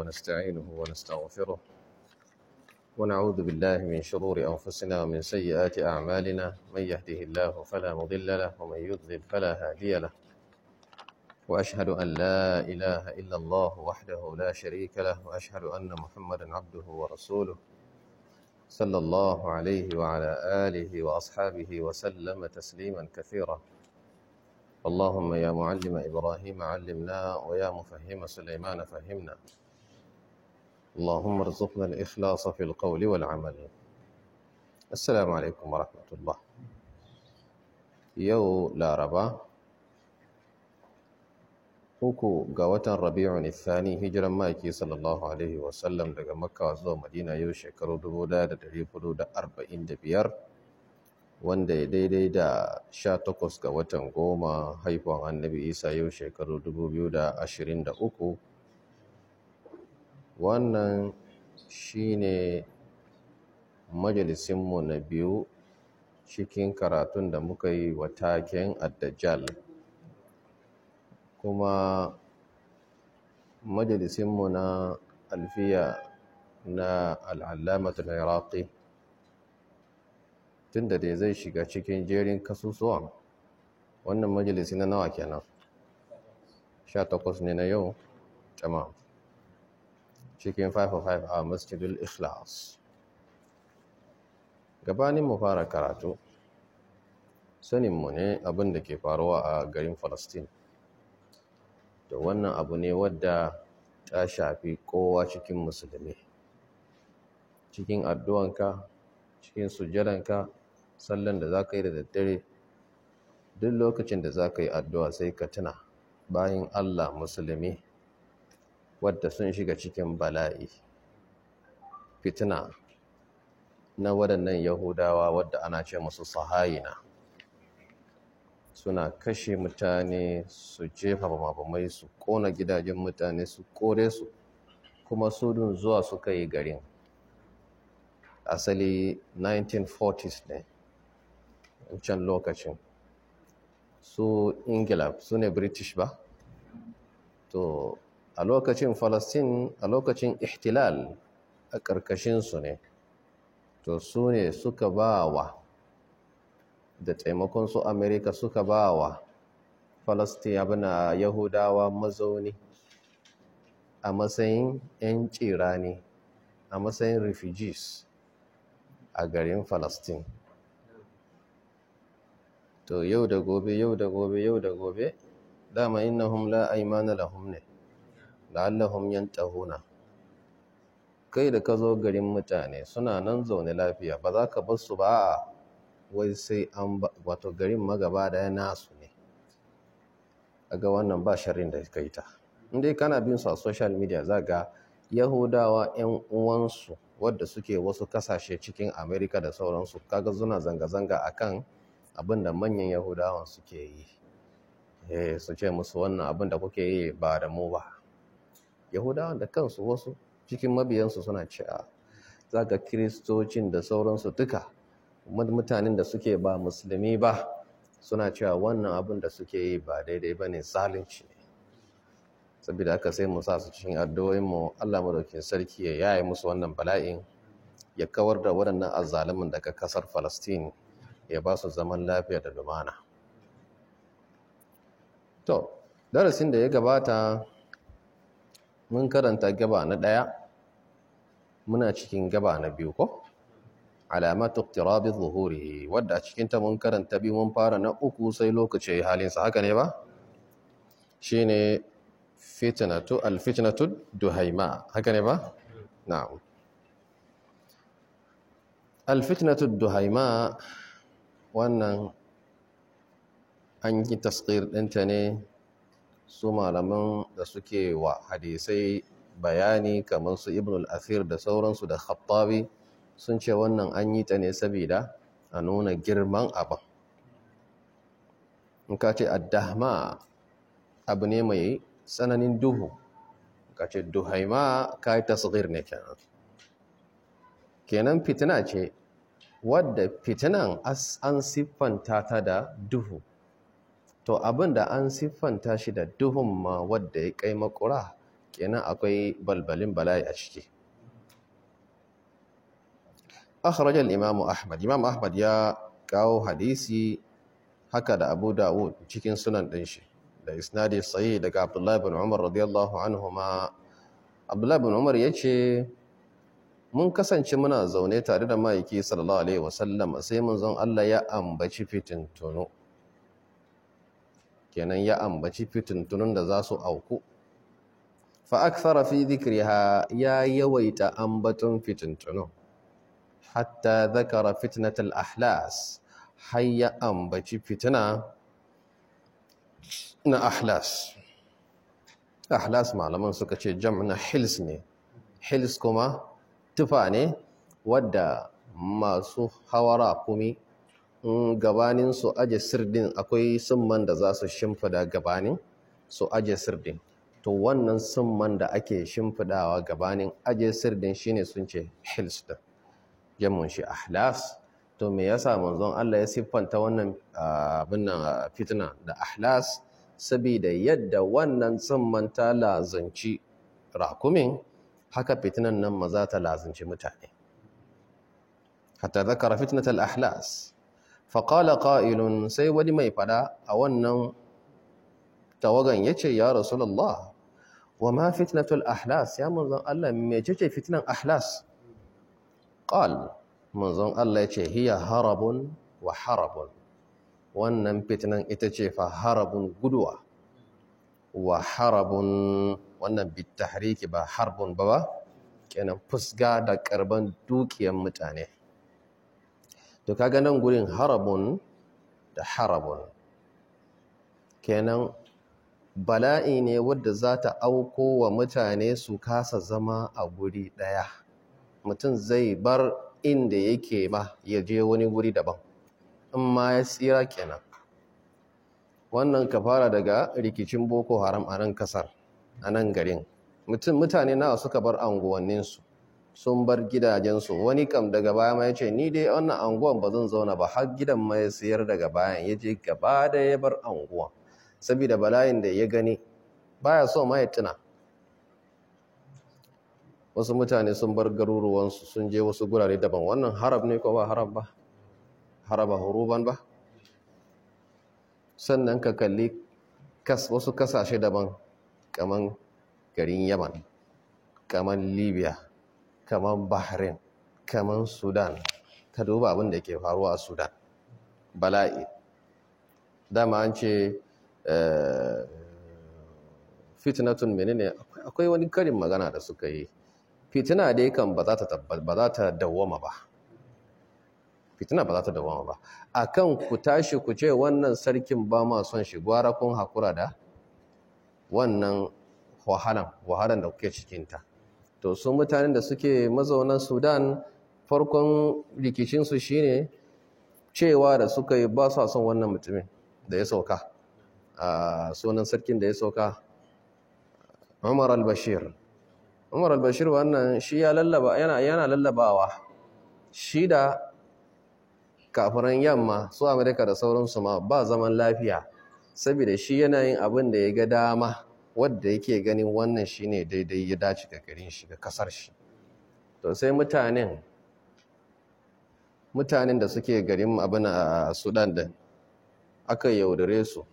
ونستعينه ونستغفره ونعوذ بالله من شرور أنفسنا ومن سيئات أعمالنا من يهده الله فلا مضل له ومن يضلل فلا هادي له وأشهد أن لا إله إلا الله وحده لا شريك له وأشهد أن محمدا عبده ورسوله صلى الله عليه وعلى آله وأصحابه وسلم تسليما كثيرا اللهم يا معلم إبراهيم علمنا ويا مفهم سليمان فهمنا اللهم ارزقنا الإخلاص في القول والعمل السلام عليكم ورحمة الله يو لا ربا uku ga watan rabi'un Sani hijiran maki sallallahu alaihi wasallam daga makka zuwa madina yau shekaru biyar, wanda ya daidai da 18 ga watan goma haifuwan annabi isa yau shekaru uku. wannan shine majalisinmu na biyu cikin karatun da muka yi wa taken addajal kuma majalisinmu na alfiya na al'allamatul iraqi tun da dai zai shiga cikin jerin kasusuwan wannan majalisi na nawa kenan 18 ne na yau tamam cikin 5-5 a masjidul ikhlas gabanin mu fara karatu saninmu ne abin da ke faruwa a garin falastin da wannan abu ne wadda ta shafi kowa cikin musulmi cikin addu'anka cikin sujadanka sallan da za ka yi da daddare duk lokacin da za ka yi addu'a sai ka tuna bayan allah musulmi wadda sun shiga cikin bala'i fitina na waɗannan yahudawa wadda ana ce musu sahayina suna kashe mutane su jefa mabamai su kona gidajen mutane su kore su kuma sudun zuwa suka yi garin asali 1940s ne can lokacin su ingila su ne british ba to a lokacin falastin a lokacin ihtilal a ƙarƙashinsu ne to su ne suka ba wa da taimakon su amerika suka ba wa falastin abina yahudawa mazauni a matsayin 'yan ne a matsayin refugees a garin falastin to yau da gobe yau da gobe yau da gobe dama innahum la aymana lahum ne la'allahum yantahuna kai da ka zo garin mutane suna nan zaune lafiya ba za ka bar su ba wai sai an wato garin magaba da nasu ne ga wannan ba sharrin da kai ta indai kana bin su a social media za ga yahudawa 'yan uwansu wadda suke wasu kasashe cikin amerika da sauransu kaga suna zanga-zanga akan abin da manyan yahudawan suke yi eh, su ce musu wannan abin da kuke yi ba da mu ba yahudawan da kansu wasu cikin mabiyansu suna cewa za ka kiristocin da sauransu duka mutanen da suke ba musulmi ba suna cewa wannan abin da suke yi ba daidai ba ne zalunci ne saboda aka sai mu sa su cikin addu'o'inmu Allah madaukin sarki ya yi musu wannan bala'in ya kawar da waɗannan azalimin daga kasar Falastin, ya ba su zaman lafiya da lumana to darasin da ya gabata mun karanta gaba na ɗaya muna cikin gaba na biyu ko alamatu iqtirabi zuhuri wadda a cikin mun karanta biyu mun fara na uku sai lokaci halinsa haka ne ba shine fitnatu alfitnatu duhaima haka ne ba na'am alfitnatu duhaima wannan an yi tasqir ɗinta ne su malaman da suke wa hadisai bayani kamar su ibn al-asir da sauransu da khattabi sun ce wannan an yi ta ne saboda a nuna girman abin in ka ce addahma abu ne mai tsananin duhu ka ce duhaima ka yi tasgir ne kenan kenan fitina ce wadda fitinan an siffanta ta da duhu to abin da an siffanta shi da duhun ma wadda ya kai makura kenan akwai balbalin bala'i a ciki akhrajal imam ahmad imam ahmad ya kawo hadisi haka da abu dawud cikin sunan din shi da isnadi sahih daga abdullahi ibn umar radiyallahu anhuma abdullahi ibn umar yace mun kasance muna zaune tare da maiki sallallahu alaihi wasallam sai mun zon Allah ya ambaci fitintunu kenan ya ambaci fitintunun da za su auku fa akthara fi dhikriha ya yawaita ambatun fitintunun hatta zakara fitnatul ahlas har ya ambaci fitina na ahlas ahlas malaman suka ce na hils ne hils kuma tufa ne wadda masu hawara kumi gabanin su aje sirdin akwai summan da za su shimfida gabanin su aje sirdin to wannan summan da ake shimfidawa gabanin aje sirdin shine sun ce hils din jamun shi ahlas to me yasa manzon Allah ya siffanta wannan abin nan fitna da ahlas Sabida yadda wannan tsumman ta lazanci rakumin haka fitinan nan maza ta lazanci mutane hatta zakara fitnatul ahlas faƙala ƙa'ilun sai wani mai fada a wannan tawagan ya ce ya rasulallah wa ma fitnatul ahlas ya manzon Allah mecece fitnan ahlas ƙal manzon Allah ya ce hiya harabun wa harabun wannan fitnan ita ce fa harabun guduwa wa harabun wannan bitahriki ba harbun ba ba kenan fusga da ƙarban dukiyan mutane to kaga nan gurin harabun da harabun kenan bala'i ne wadda za ta auko wa mutane su kasa zama a guri ɗaya mutum zai bar inda yake ba ya je wani guri daban in ya tsira kenan wannan ka fara daga rikicin boko haram a nan kasar a nan garin mutane nawa suka bar anguwanninsu sun bar gidajensu wani kam daga baya ma ya ce ni dai wannan anguwan ba zan zauna ba har gidan ma ya sayar daga bayan ya je gaba da ya bar anguwa saboda balayin da ya gani baya so ma ya tuna wasu mutane sun bar garuruwansu sun je wasu gurare daban wannan harab ne ko ba harab ba haraba huruban ba sannan ka kalli wasu kasashe daban kaman garin yaman kamar libya kamar bahrain kamar sudan ka duba abin ke faruwa a sudan bala'i dama an ce mini eh, menene akwai wani karin magana da suka yi fitina dai kan ba za ta dawoma ba fitina ba za ta dawoma ba A kan ku tashi ku ce wannan sarkin ba ma son shi gwara kun haƙura da wannan wahalan wahalan da kuke cikinta to su mutanen da suke mazaunan sudan farkon rikicinsu shine cewa da suka yi ba sa son wannan mutumin da ya sauka a sunan sarkin da ya sauka umar al-bashir umar al-bashir wannan shi ya lallaba yana yana lallabawa shi da kafiran yamma su amerika da sauransu ma ba zaman lafiya saboda shi yana yin abin da ya ga dama wadda yake ganin wannan shi shine daidai ya dace ga garin shi ga kasar shi to sai mutanen mutanen da suke garin abin a Sudan da aka yaudare su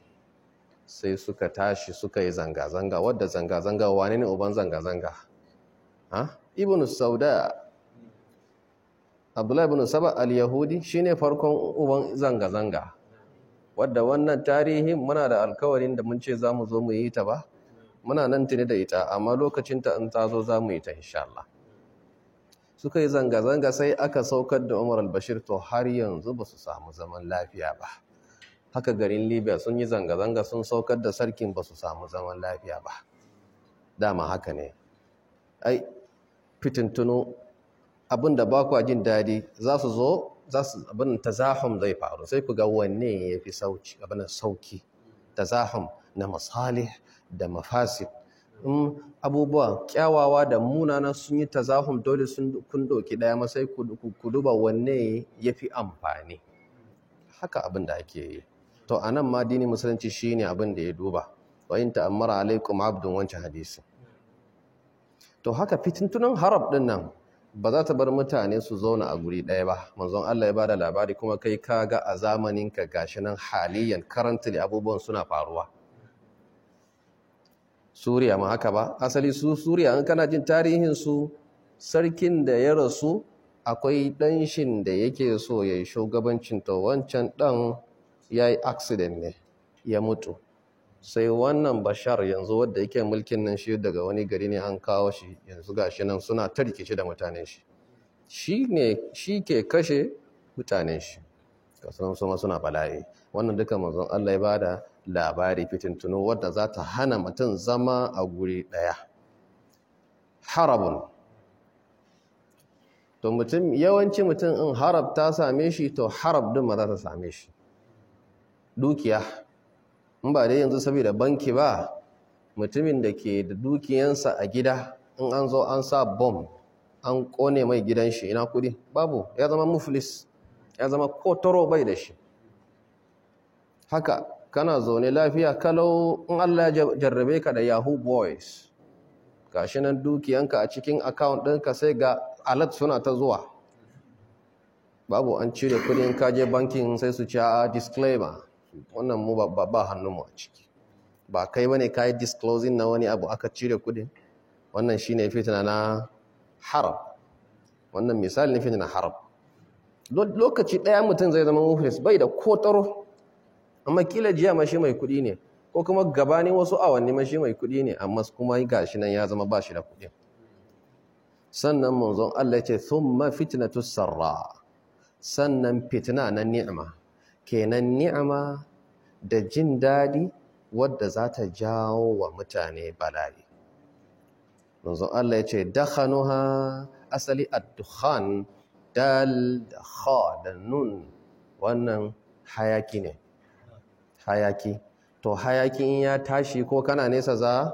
sai suka tashi suka yi zanga-zanga wadda zanga-zanga wane ne uban zanga-zanga ha ibn sauda abdullahi ibn saba al-yahudi shine farkon uban zanga-zanga wadda wannan tarihin muna da alkawarin da mun ce za mu zo mu yi ta ba muna nan tuni da ita amma lokacinta in ta zo za mu yi ta insha suka yi zanga-zanga sai aka saukar da Umar al-Bashir to har yanzu ba su samu zaman lafiya ba haka garin Libya sun yi zanga-zanga sun saukar da sarkin ba su samu zaman lafiya ba dama haka ne ai fitintuno abinda ba kwa jin daɗi za su zo za su abin tazahun zai faru sai ku ga wanne ya fi sauki abin sauki tazahun na masalih da mafasid in abubuwa kyawawa da munana sun yi tazahum dole sun kun doki daya masai ku duba wanne yafi amfani haka abin da ake yi to anan ma dini musulunci shine abin da ya duba wa ta'ammara alaikum abdun wancan hadisi to haka fitintunan harab din nan ba za ta bar mutane su zauna a guri ɗaya ba manzon Allah ya bada labari kuma kai kaga a zamanin ka gashi nan haliyan karanta abubuwan suna faruwa suriya ma haka ba asali su suriya in kana jin tarihin su sarkin da ya rasu akwai danshin da yake so ya yi shugabancin to wancan dan ya yi aksiden ne ya mutu sai wannan bashar yanzu wadda yake mulkin nan shi daga wani gari ne an kawo shi yanzu ga shi nan suna ta rikici da mutanen shi shi ne shi ke kashe mutanen shi ka su suna bala'i wannan duka mazan Allah ya bada labari fitintunu wadda za ta hana mutum zama a guri ɗaya harabun to mutum yawanci mutum in harab ta same shi to harab din ma za ta same shi dukiya in ba dai yanzu saboda banki ba mutumin da ke da dukiyansa a gida in an zo an sa bom an kone mai gidan shi ina kudi babu ya zama muflis ya zama ko kotoro bai da shi haka kana zaune lafiya kalau in Allah ya jarrabe ka da yahoo boys gashi nan dukiyanka a cikin account ka sai ga alert suna ta zuwa babu an cire kudin kaje bankin sai su ci a disclaimer wannan mu ba hannunmu a ciki ba kai bane kayi disclosing na wani abu aka cire kudin wannan shi ne fitina na haram wannan misali ne fitina haram lokaci ɗaya mutum zai zama office bai da kotaro amma kila jiya ma shi mai kuɗi ne ko kuma gabanin wasu awanni ma shi mai kuɗi ne amma kuma shi nan ya zama ba shi da kuɗi sannan manzon Allah ce thumma fitnatu sarra sannan fitna na ni'ima kenan ni'ima da jin dadi wadda za ta jawo wa mutane bala'i manzon Allah ya ce dakhanuha asali ad-dukhan dal da kha da nun wannan hayaki ne hayaki to hayaki in ya tashi ko kana nesa za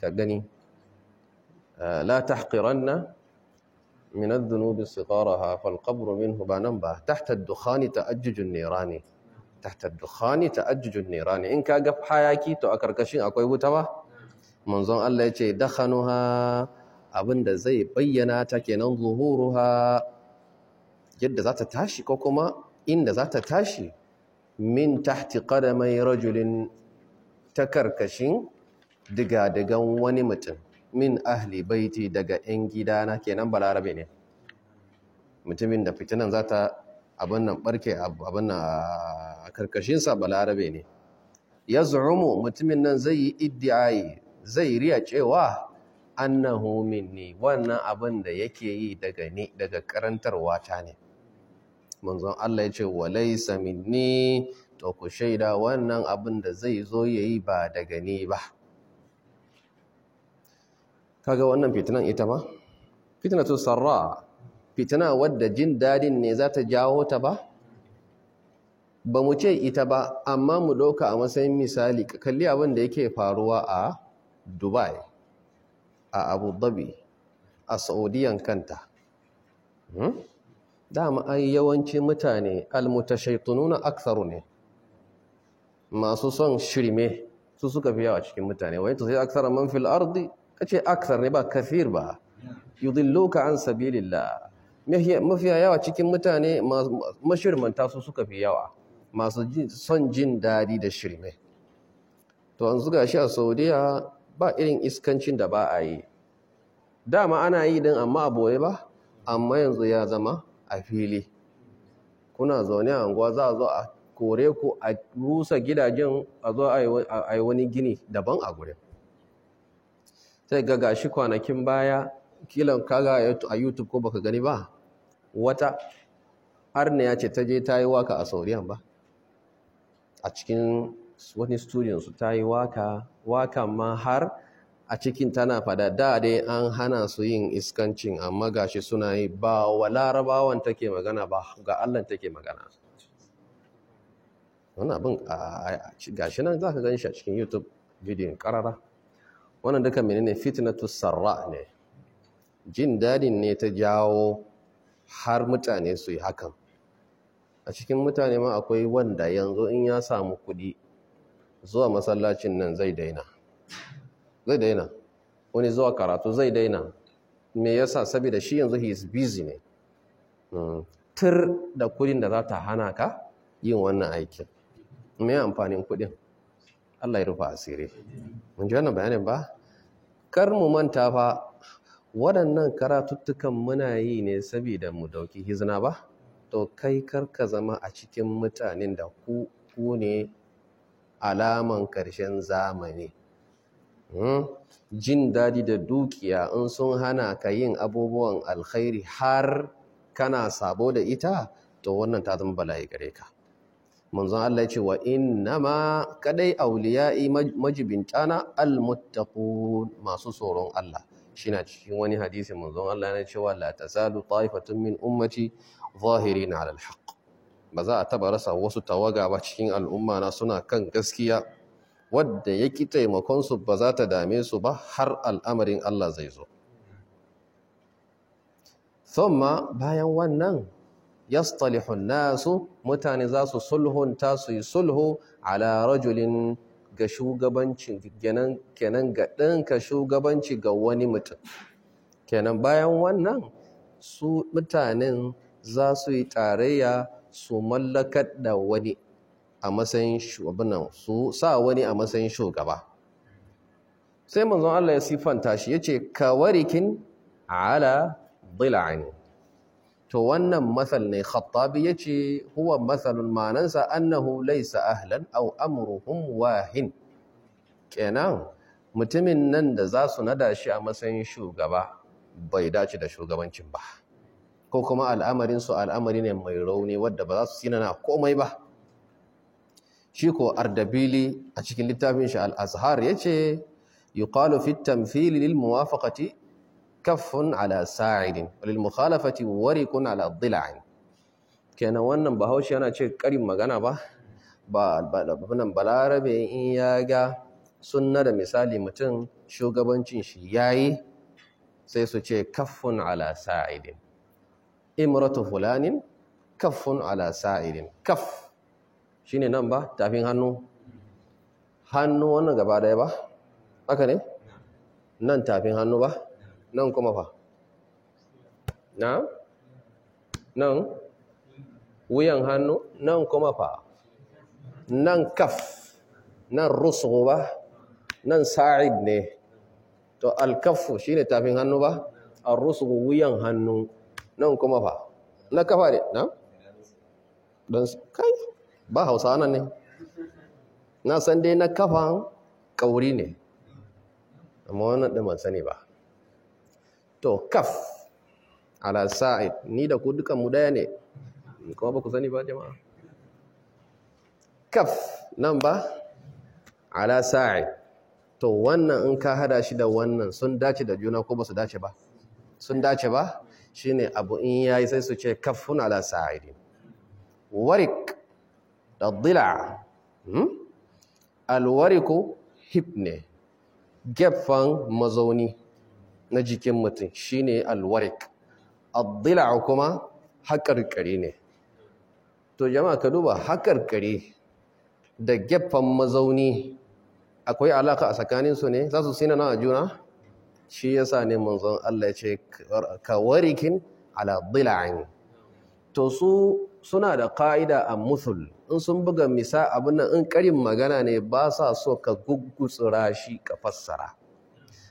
ka gani eh, la tahqiranna min adh-dhunubi siqaraha fal qabru minhu banan ba tahta ad-dukhani ne. nirani tahta ad-dukhani ta'ajjujun nirani in ka ga hayaki to a karkashin akwai wuta ba manzon Allah yace dakhanuha abinda zai bayyana ta kenan zuhuruha yadda za ta tashi ko kuma inda za ta tashi min tahti qadamai rajulin ta karkashin digadigan wani mutum min ahli baiti daga 'yan gidana kenan balarabe ne mutumin da fitinan za abin nan barke abin nan a karkashinsa balarabe ne ya zurumu mutumin nan zai yi iddiyayi zai riya cewa annahu minni wannan abin da yake yi daga ni daga karantarwa ta ne manzon Allah ya ce walaysa minni to ku shaida wannan abin da zai zo yayi ba daga ni ba kaga wannan fitinan ita ba fitnatu sarra fitina wadda jin dadin ne za ta jawo ta ba ba mu ce ita ba amma mu ɗauka a matsayin misali kalli abin da yake faruwa a Dubai a Abu Dhabi a Saudiyan kanta hmm? dama ai yawanci mutane almutashaytununa aktharu ne masu son shirme su suka fi yawa cikin mutane Wani to sai akthara man fil ardi kace akthar ne ba kafir ba yudilluka an sabilillah mafiya yawa cikin mutane mashirmanta su suka fi yawa masu son jin dadi da shirme to an zuga shi a saudiya ba irin iskancin da ba a yi dama ana yi din amma a boye ba amma yanzu ya zama a fili kuna zaune a anguwa za a zo a kore ku a rusa gidajen a zo a yi wani gini daban a gurin sai ga gashi kwanakin baya kilan kaga a youtube ko baka gani ba wata Har ne ya ce ta je ta yi waka a sauriyan ba a cikin wani studiyonsu ta yi waka waka ma har a cikin tana fada da dai an hana su yin iskancin amma gashi suna yi ba wa larabawan take magana ba ga Allah take magana wannan abin gashi nan zaka gan shi a cikin YouTube bidiyon karara wannan duka menene fitnatus sarra ne jin dadin ne ta jawo har mutane su yi hakan a cikin mutane ma akwai wanda yanzu in ya samu kuɗi zuwa masallacin nan zai daina zai daina wani zuwa karatu zai daina me yasa saboda shi yanzu he is busy ne hmm. tur da kudin da za ta hana ka yin wannan aikin me amfanin kudin Allah ya rufa asiri mun ji wannan bayanin ba kar mu manta fa waɗannan karatuttukan muna yi ne saboda mu dauki hizna ba to kai kar ka zama a cikin mutanen da ku ku ne alaman ƙarshen zamani Hmm? jin daɗi da dukiya in sun hana ka yin abubuwan alkhairi har kana sabo da ita to wannan ta zama bala'i gare ka manzon Allah ya ce wa innama kadai auliya'i majibintana almuttaqun masu tsoron Allah shina cikin wani hadisi manzon Allah ya ce wa la tazalu ta'ifatun min ummati zahirina ala alhaq ba za a taba rasa wasu tawaga ba cikin al'umma na suna kan gaskiya wadda ya ƙi taimakonsu ba za ta dame su ba har al'amarin Allah zai zo. Thumma bayan wannan yastalihun nasu mutane za su sulhunta su yi sulhu ala rajulin ga shugabanci kenan ga ɗinka shugabanci ga wani mutum. Kenan bayan wannan su mutanen za su yi tarayya su mallakar da wani a matsayin shugaban su sa wani a matsayin shugaba sai manzon Allah ya sifanta shi yace kawarikin ala dila'in to wannan masal ne khattabi yace huwa masalun manansa annahu laysa ahlan au amruhum wahin kenan mutumin nan da za su nada shi a matsayin shugaba bai dace da shugabancin ba ko kuma al'amarin su al'amari ne mai rauni wadda ba za su sinana komai ba shi ko ardabili a cikin littafin shi al ya yace yuqalu fi at-tamthil muwafakati kafin kaffun ala sa'idin lil mukhalafati wariqun ala dhil'in kenan wannan bahaushe yana ce karin magana ba ba nan balarabe in ya ga sunna da misali mutum shugabancin shi yayi sai su ce kaffun ala sa'idin imratu fulanin kaffun ala sa'idin kaff ne nan ba tafin hannu hannu wannan gaba daya ba haka ne nan tafin hannu ba nan kuma fa na nan wuyan hannu nan kuma fa nan kaf nan rusu ba nan sa'id ne to alkafu shi ne tafin hannu ba a rusu wuyan hannu nan kuma fa na kafa ne na don kai ba hausa nan ne na san dai na kafan kauri ne amma wannan ɗin ban sani ba to kaf ala sa'id ni da ku dukan mu daya ne kuma ba ku sani ba jama'a kaf nan ba ala sa'id to wannan in ka hada shi da wannan sun dace da juna ko ba su dace ba sun dace ba shine abu in yayi sai su ce kafun ala sa'id warik الضلع alwariku hip ne gefen mazauni na jikin mutum shine alwarik addila kuma haƙarƙari ne to jama'a ka duba haƙarƙari da gefen mazauni akwai alaƙa a tsakaninsu ne za su sina na juna shi yasa ne manzon Allah ya ce ka warikin ala dila'in to su suna da ƙa'ida a musul in sun buga misa abin nan in ƙarin magana ne ba sa so ka gugutsura shi ka fassara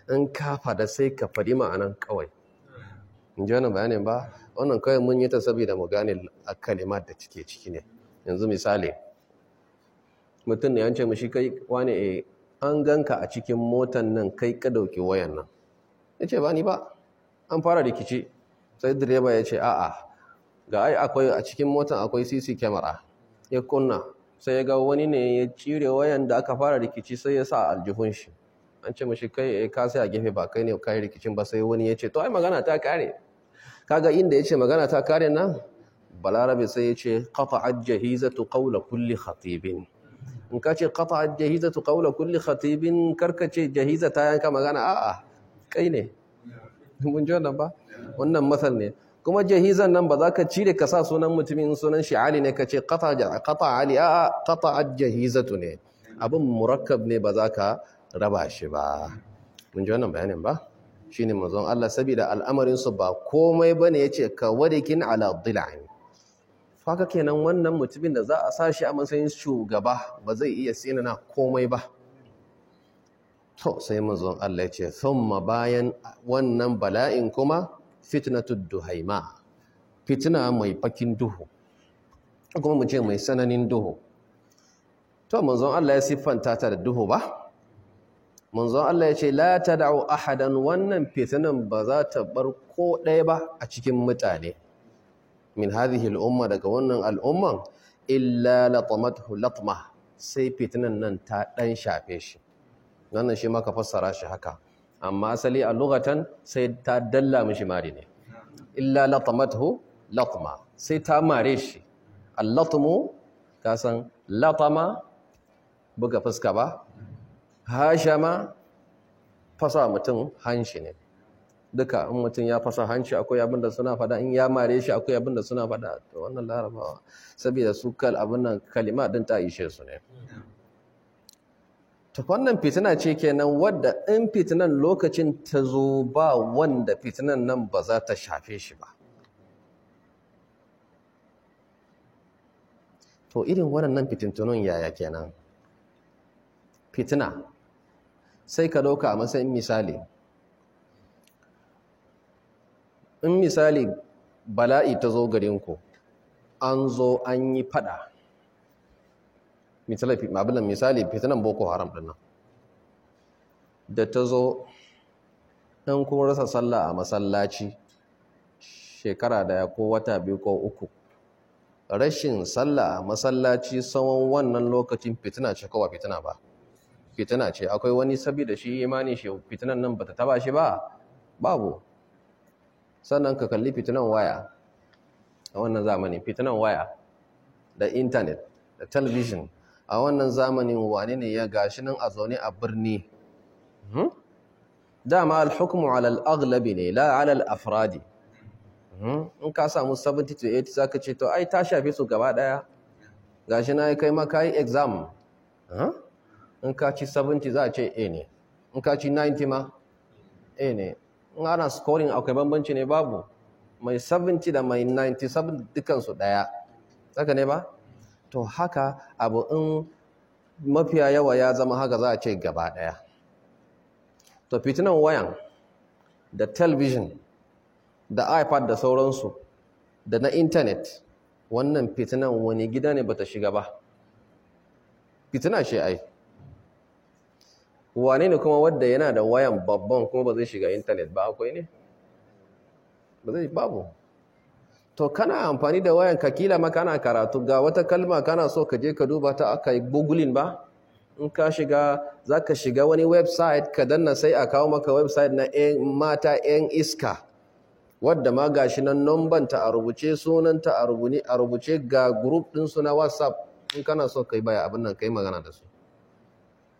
in kafa da sai ka faɗi ma'anan kawai in ji wannan bayanin ba wannan kawai mun yi ta saboda mu gane a kalimar da cike ciki ne yanzu misali mutum ne an ce mashi kai Wani e, eh, an ganka a cikin motan nan kai ka dauki wayan nan ya ce ba ni ba an fara rikici sai direba ya ce a'a ga ai akwai a cikin motan akwai cc camera ya kunna sai ya ga wani ne ya cire wayan da aka fara rikici sai ya sa aljihun shi an ce mashi kai eh, ka sai a gefe ba kai ne kai rikicin ba sai wani ya ce to ai magana ta kare kaga inda ya ce magana ta kare nan balarabe sai ya ce qata'at jahizatu qawla kulli khatibin in ka ce qata'at jahizatu qawla kulli khatibin karka ce jahiza ta yanka magana a'a kai ne mun ji wannan ba wannan masal ne kuma jahizan nan ba za ka cire ka sa sunan mutumin sunan shi ali ne ka ce kata ali a kata jahizatu ne abin murakkab ne ba za ka raba shi ba Kun ji wannan bayanin ba shine manzon Allah saboda al'amarin su ba komai ya yace ka wadikin ala faka kenan wannan mutumin da za a sa shi a matsayin shugaba ba zai iya sinana komai ba to sai manzon Allah yace thumma bayan wannan bala'in kuma fitnatu duhaima fitna mai fakin duhu kuma mu ce mai sananin duhu to manzon Allah ya siffanta ta da duhu ba manzon Allah ya ce la tad'u ahadan wannan fitnan ba za ta bar ko ɗaya ba a cikin mutane min hadhihi al'umma daga wannan al'umman illa latamathu latma sai fitnan nan ta dan shafe shi wannan shi maka fassara shi haka amma asali a lugatan sai ta dalla mishi mari ne illa latamathu latma sai ta mare shi allatmu ka san latama buga fuska ba hashama fasa mutum hanshi ne duka in mutum ya fasa hanci akwai abinda suna fada in ya mare shi akwai abinda suna fada to wannan larabawa saboda su kal abin nan kalima din ta ishe su ne ta wannan fitina ce kenan wadda in fitinan lokacin ta zo ba wanda fitinan nan ba za ta shafe shi ba to irin waɗannan fitintunan yaya kenan fitina sai ka ɗauka a matsayin misali in misali bala'i ta zo garinku an zo an yi fada misali misali fitinan boko haram dinnan. da ta zo in kun rasa sallah a masallaci shekara daya ko wata biyu ko uku rashin sallah a masallaci tsawon wannan lokacin fitina ce kawai fitina ba fitina ce akwai wani sabida shi imani shi fitinan nan bata taba shi ba babu sannan ka kalli fitinan waya a wannan zamani fitinan waya da intanet da talibishin a wannan zamanin wani ne ya gashi nan a zaune a birni hmm? dama alhukumu alal aglabi ne la alal afradi hmm? in ka samu 70 80 za ka ce to ai ta shafi su gaba daya gashi na ya kai maka yi exam hmm? in ka ci 70 za a ce a ne in ka ci 90 ma a ne in ana scoring akwai bambanci ne babu mai 70 da mai 97 dukansu daya saka ne ba to haka abu in mafiya yawa ya zama haka za a ce gaba ɗaya to fitinan wayan da television da ipad da sauransu da na intanet wannan fitinan wani gida ne bata shiga ba fitina shi ai wane ne kuma wadda yana da wayan babban kuma ba zai shiga intanet ba akwai ne ba zai babu to kana amfani da wayan kakila kila ma kana karatu ga wata kalma kana so ka je ka duba ta aka yi googling ba in ka shiga za ka shiga wani website ka danna sai a kawo maka website na mata 'yan iska wadda ma ga shi nan nombanta a rubuce sunanta a rubuce ga group ɗinsu na whatsapp in kana so ka yi baya abin nan ka yi magana da su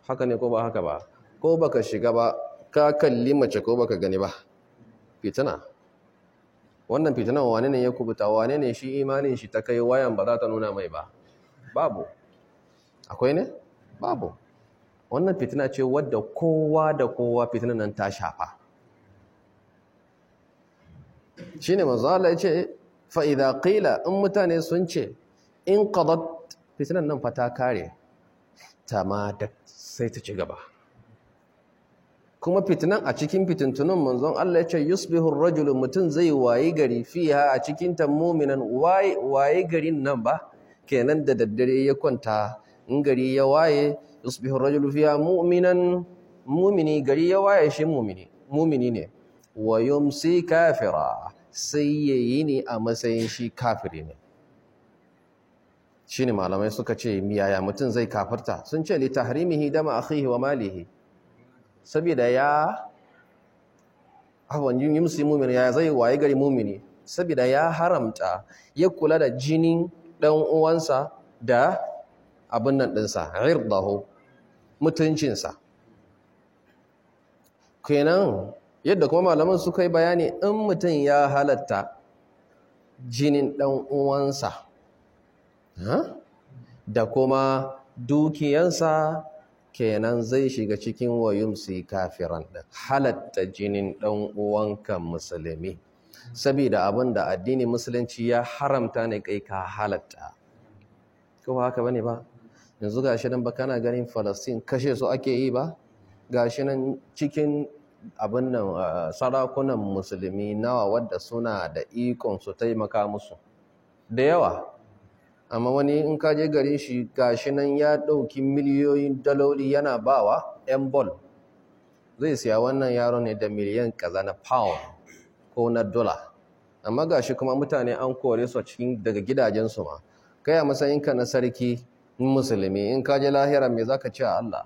haka ne ko ba haka ba ko baka shiga ba ka kalli mace ko baka gani ba fitina wannan fitinan wane ne ya kubuta wane ne shi imanin shi ta kai wayan ba za ta nuna mai ba babu akwai ne babu wannan fitina ce wadda kowa da kowa fitinan nan ta shafa Shi ne Allah ya ce fa'ida ƙila in mutane sun ce in qadat fitinan nan fa ta kare da sai ta ci gaba kuma fitinan a cikin fitintunan manzon Allah ya ce ar rajul mutun zai wayi gari fiha a cikin ta mu'minan wayi garin nan ba kenan da daddare ya kwanta in gari ya waye ar-rajul fiha mu'minan mu'mini gari ya waye shi mu'mini mu'mini ne wa yumsi kafira sai yayi ne a matsayin shi kafiri ne shine malamai suka ce miyaya mutun zai kafarta, sun ce li tahrimihi dama akhihi wa malihi saboda ya awan ah, yumsi mu'min ya zai waye gari mu'mini saboda ya haramta ya kula da jinin dan uwansa da abin nan dinsa irdahu mutuncinsa kenan yadda kuma malaman suka yi bayani in mutum ya halatta jinin dan uwansa da kuma dukiyansa kenan zai shiga cikin wayum wayumsi kafiran da halatta jinin ɗan uwanka musulmi saboda abin da addini musulunci ya haramta ne kai ka halatta ko haka bane ba yanzu ga shi nan ba kana ganin Falastin kashe su ake yi ba ga shi nan cikin abin nan sarakunan musulmi nawa wadda suna da ikon su taimaka musu da yawa amma wani in ka je garin shi gashi nan ya ɗauki miliyoyin daloli yana bawa yan bol zai siya wannan yaro ne da miliyan kaza na pound ko na dola amma gashi kuma mutane an kore su cikin daga gidajensu ma kai a matsayinka na sarki musulmi in ka je lahira me zaka ce a Allah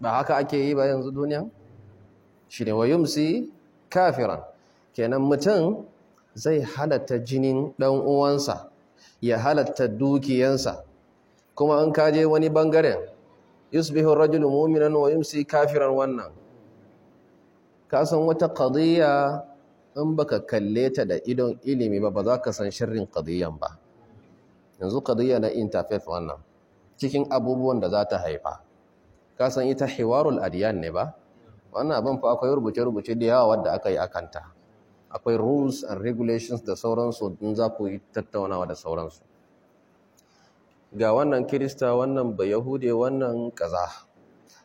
ba haka ake yi ba yanzu duniya ne wa yumsi kafiran kenan mutum zai halatta jinin ɗan uwansa ya halatta dukiyansa kuma an kaje wani bangaren yusbihu rajulu mu'minan wa yumsi kafiran wannan ka san wata qadiyya in baka kalle ta da idon ilimi ba ba za ka san shirin qadiyyan ba yanzu qadiyya na interfaith wannan cikin abubuwan da za ta haifa ka san ita hiwarul adiyan ne ba wannan abin fa akwai rubuce-rubuce da yawa wadda aka yi akanta akwai rules and regulations da sauransu in za ku yi tattaunawa da sauransu ga wannan kirista wannan bayahude wannan kaza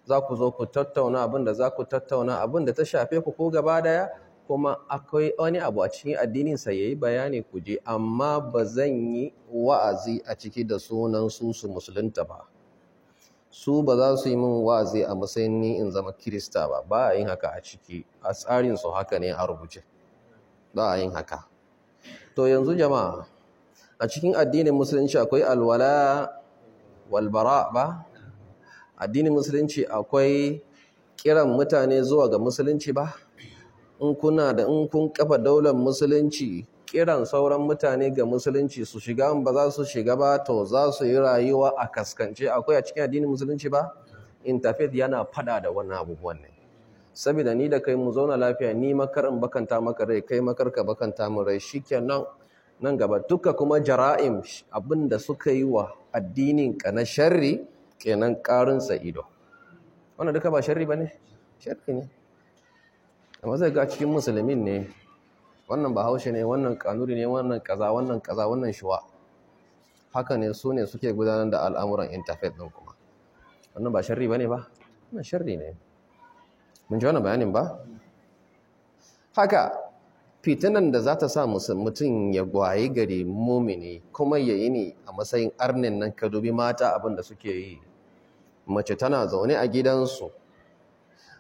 za ku zo ku tattauna abin da za ku tattauna abin da ta shafe ku ko gaba daya kuma akwai wani abu a cikin addinin sa yayi bayani ku je amma ba zan yi wa'azi a ciki da sunan su su musulunta ba su ba za su yi min wa'azi a matsayin ni in zama kirista ba ba yin haka a ciki a tsarin su haka ne a rubuce ba a yin haka to yanzu jama'a a cikin addinin musulunci akwai alwala walbara ba addinin musulunci akwai kiran mutane zuwa ga musulunci ba in kuna da in kun kafa daular musulunci kiran sauran mutane ga musulunci su shiga in ba za su shiga ba to za su yi rayuwa a kaskance akwai a cikin addinin musulunci ba interfaith yana fada da wannan abubuwan ne saboda ni da kai mu zauna lafiya ni in bakanta maka rai kai makarka bakanta mu rai shikenan nan gaba duka kuma jara'im abinda suka yi wa addinin ka na sharri kenan karin sa ido wannan duka ba sharri bane sharri ne amma zai ga cikin musulmin ne wannan bahaushe ne wannan kanuri ne wannan kaza wannan kaza wannan shuwa haka ne su ne suke gudanar da al'amuran interfaith din kuma wannan ba sharri bane ba wannan sharri ne mun ji wani bayanin ba haka fitinan da za ta sa mutum ya gwaye gari mumini kuma ya yi ne a matsayin arnin nan ka dubi mata abin da suke yi mace tana zaune a gidansu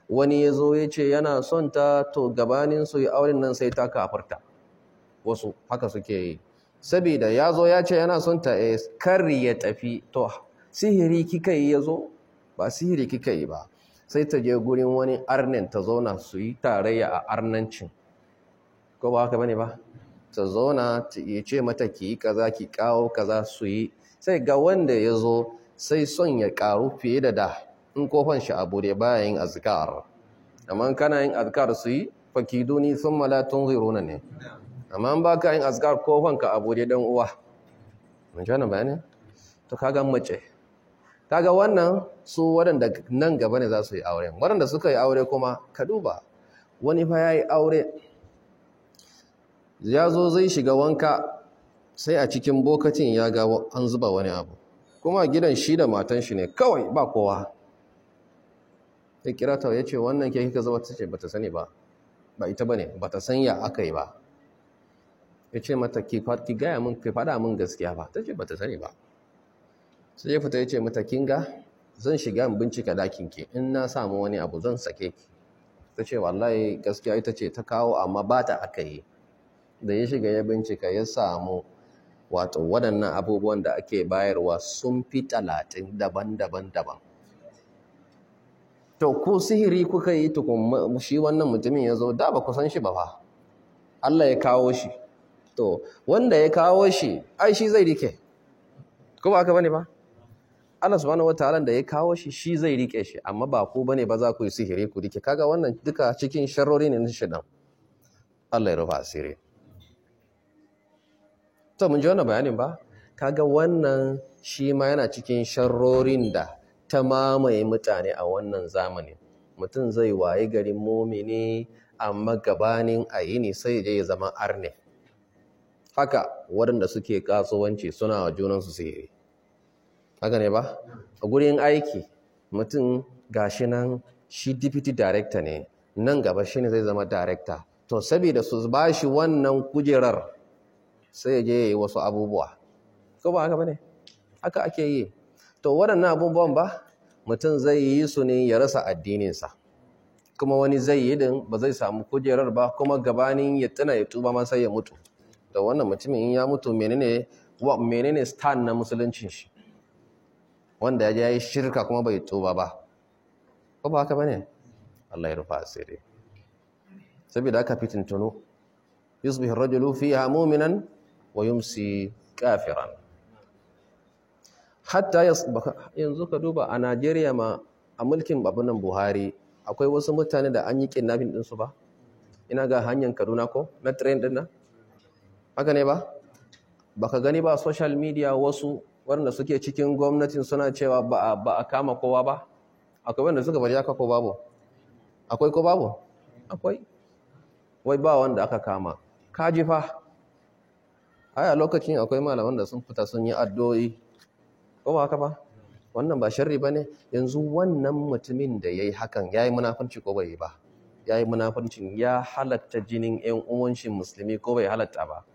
wani ya zo ya ce yana son ta to gabanin su yi auren nan sai ta kafarta wasu haka suke yi saboda ya zo ya ce yana son ta eh, kar ya tafi to sihiri kika yi ya zo ba sihiri kika yi ba sai ta je gurin wani arnen ta zauna su yi tarayya a arnancin ko ba haka bane ba ta zauna yi ce mata ki yi kaza ki kawo kaza su yi sai ga wanda ya zo sai son ya karu fiye da da in kofan shi abu da baya yin azkar amma kana yin azkar su yi fakiduni sun mala tunziruna ne amma ba ka yin azkar kofan ka abu da dan uwa mun jana bayani? to kaga mace kaga wannan su waɗanda nan gaba ne za su yi aure waɗanda suka yi aure kuma ka duba wani fa ya yi aure ya zo zai shiga wanka sai a cikin bokatin ya ga an zuba wani abu kuma gidan shi da matan shi ne kawai ba kowa sai kira ta ya ce wannan ke kika zuba ta ce bata sani ba ba ita ba ne bata san ya aka yi ba ya ce mata ki gaya min faɗa min gaskiya ba ta ce bata sani ba sai ya fita ya ce mata kinga zan shiga in bincika dakin ki in na samu wani abu zan sake ki ta ce wallahi gaskiya ita ce ta kawo amma ba ta aka yi da ya shiga ya bincika ya samu wato waɗannan abubuwan da ake bayarwa sun fi talatin daban-daban daban to ku sihiri kuka yi tukun shi wannan mutumin ya zo da ba kusan shi ba fa Allah ya kawo shi to wanda ya kawo shi ai shi zai rike ko ba aka bane ba Allah subhanahu ta'ala da ya kawo shi shi zai rike shi amma ba ku bane ba za ku yi sihiri ku rike kaga wannan duka cikin sharrori ne na shidan Allah ya rufa asiri to mun ji wannan bayanin ba kaga wannan shi ma yana cikin sharrorin da ta mamaye mutane a wannan zamani mutum zai waye garin mumini amma gabanin ayini sai ya zama arne haka waɗanda suke kasuwanci suna wa junansu sihiri haka ne ba a gurin aiki mutum gashi nan shi deputy director ne nan gaba shi ne zai zama director to saboda su ba shi wannan kujerar sai ya je ya yi wasu abubuwa ko ba haka ba ne haka ake yi to waɗannan abubuwan ba mutum zai yi su ne ya rasa addininsa kuma wani zai yi din ba zai samu kujerar ba kuma gabanin ya tuna ya tuba ma sai ya mutu da wannan mutumin ya mutu menene menene stand na musuluncin shi wanda ya je ya yi shirka kuma bai tuba ba ko ba haka bane Allah ya rufa asiri saboda aka fitintuno yusbihu ar-rajulu fiha mu'minan wa yumsi kafiran hatta yanzu ka duba a Najeriya ma a mulkin babunan Buhari akwai wasu mutane da an yi kidnapping din su ba ina ga hanyar Kaduna ko na train din nan haka ne ba baka gani ba social media wasu waɗanda suke cikin gwamnatin suna cewa ba a kama kowa ba akwai wanda suka bari aka ko babu akwai ko babu akwai wai ba wanda aka kama kaji fa ai lokacin akwai malaman da sun fita sun yi addu'o'i ko ba haka ba wannan ba sharri ne. yanzu wannan mutumin da ya yi hakan ya yi munafunci ko bai ba Ya yi munafuncin ya halatta jinin 'yan uwanshin musulmi ko bai halatta ba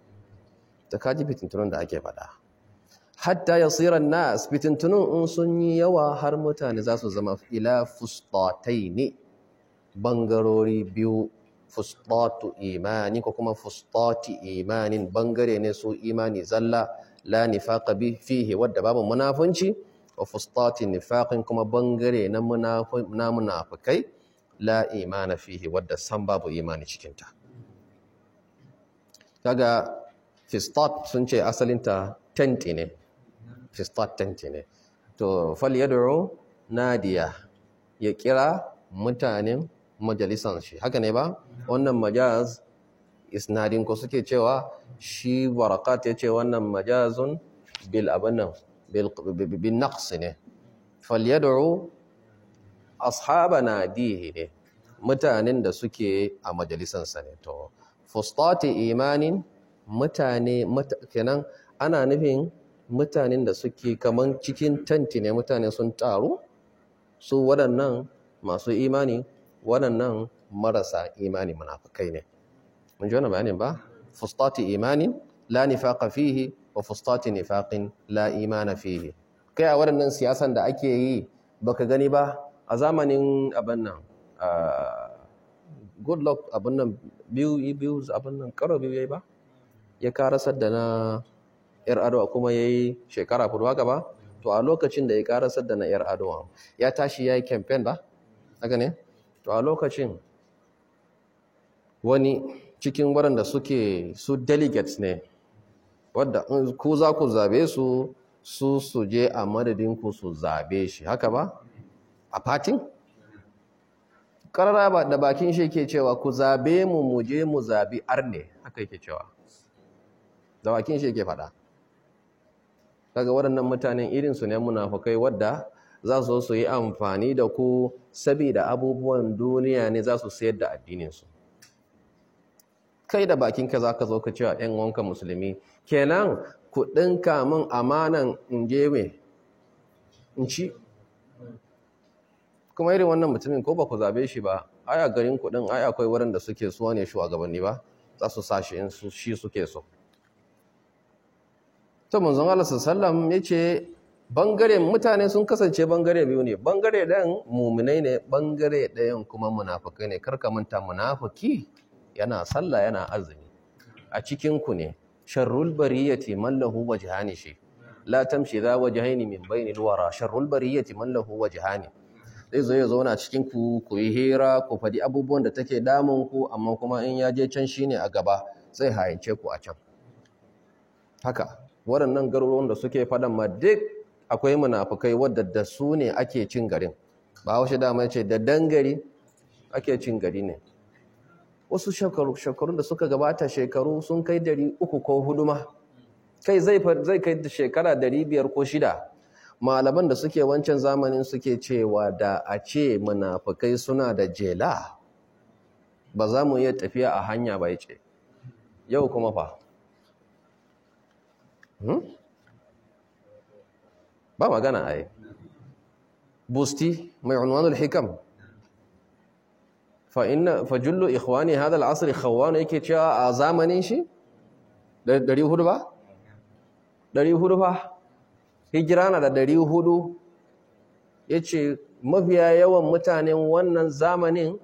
ta kaji fitintunan da ake faɗa hatta tsira nas fitintunun in sun yi yawa har mutane za su zama ila ne bangarori biyu fustatu imani ko kuma fustati imanin bangare ne su imani zalla la nifaqa bi fihi wadda babu munafunci wa fustati nifaqin kuma bangare na munafukai la imana fihi wadda san babu imani cikinta kaga fistat sun ce asalinta tent ne fistat tenti ne to fal yad'u nadiya ya kira mutanen majalisan shi haka ne ba wannan majaz isnadin ko suke cewa shi warakat ya ce wannan majazun bil abannan bil naqs ne fal yad'u ashabana dihi ne mutanen da suke a sa ne to fustati imanin mutane kenan ana nufin mutanen da suke kaman cikin tenti ne mutane sun taru su waɗannan masu imani waɗannan marasa imani munafukai ne mun ji wannan bayanin ba fustati imanin la nifaqa fihi wa fustati nifaqin la imana fihi kai a waɗannan siyasan da ake yi baka gani ba a zamanin abin nan good luck abin nan biyu biyu abin nan karo biyu yayi ba ya karasar da na yar adowa kuma ya yi shekara hudu haka ba to a lokacin da ya karasar da na yar adowa ya tashi ya yi campaign ba haka ne to a lokacin wani cikin waɗanda suke su delegates ne wadda ku za ku zabe su su su je a madadin ku su zabe shi haka ba a fatin ƙarara da bakin shi ke cewa ku zabe mu mu je mu zabi arne haka yake cewa da bakin shi ke faɗa kaga waɗannan mutanen irinsu ne munafukai wadda za su su yi amfani da ku saboda abubuwan duniya ne za su sayar da addininsu kai da bakinka za ka zo ka cewa ‘yan wanka musulmi kenan kuɗin kamun amanan in gewe in ci kuma irin wannan mutumin ko ba ku zabe shi ba aya garin kuɗin aya akwai wurin da suke suwa ne shugabanni ba za su sa shi in shi suke so ta manzon Allah sallallahu ya ce bangare mutane sun kasance bangare biyu ne bangare ɗayan muminai ne bangare ɗayan kuma munafukai ne karka manta munafuki yana sallah yana azumi a cikin ku ne sharrul bariyati man lahu wajhani shi la tamshi za wajhaini min bainil wara sharrul bariyati man lahu wajhani zai zo ya zauna cikin ku ku yi hira ku fadi abubuwan da take damun ku amma kuma in ya je can shine a gaba sai hayance ku a can haka waɗannan garuruwan da suke faɗan ma duk akwai munafukai wadda da su ne ake cin garin ba wasu dama ce da dangari ake cin gari ne wasu shekaru-shekaru da suka gabata shekaru sun kai dari uku ko hudu kai zai kai da shekara dari biyar ko shida malaman da suke wancan zamanin suke cewa da a ce munafukai suna da jela ba za mu iya tafiya a hanya ba ya ce yau kuma fa Hmm? ba magana a yi busti mai unwanul hikam fa inna fa jullu ikhwani hadha al yake cewa a zamanin shi hudu ba hudu ba hijira na da Ya ce mafiya yawan mutanen wannan zamanin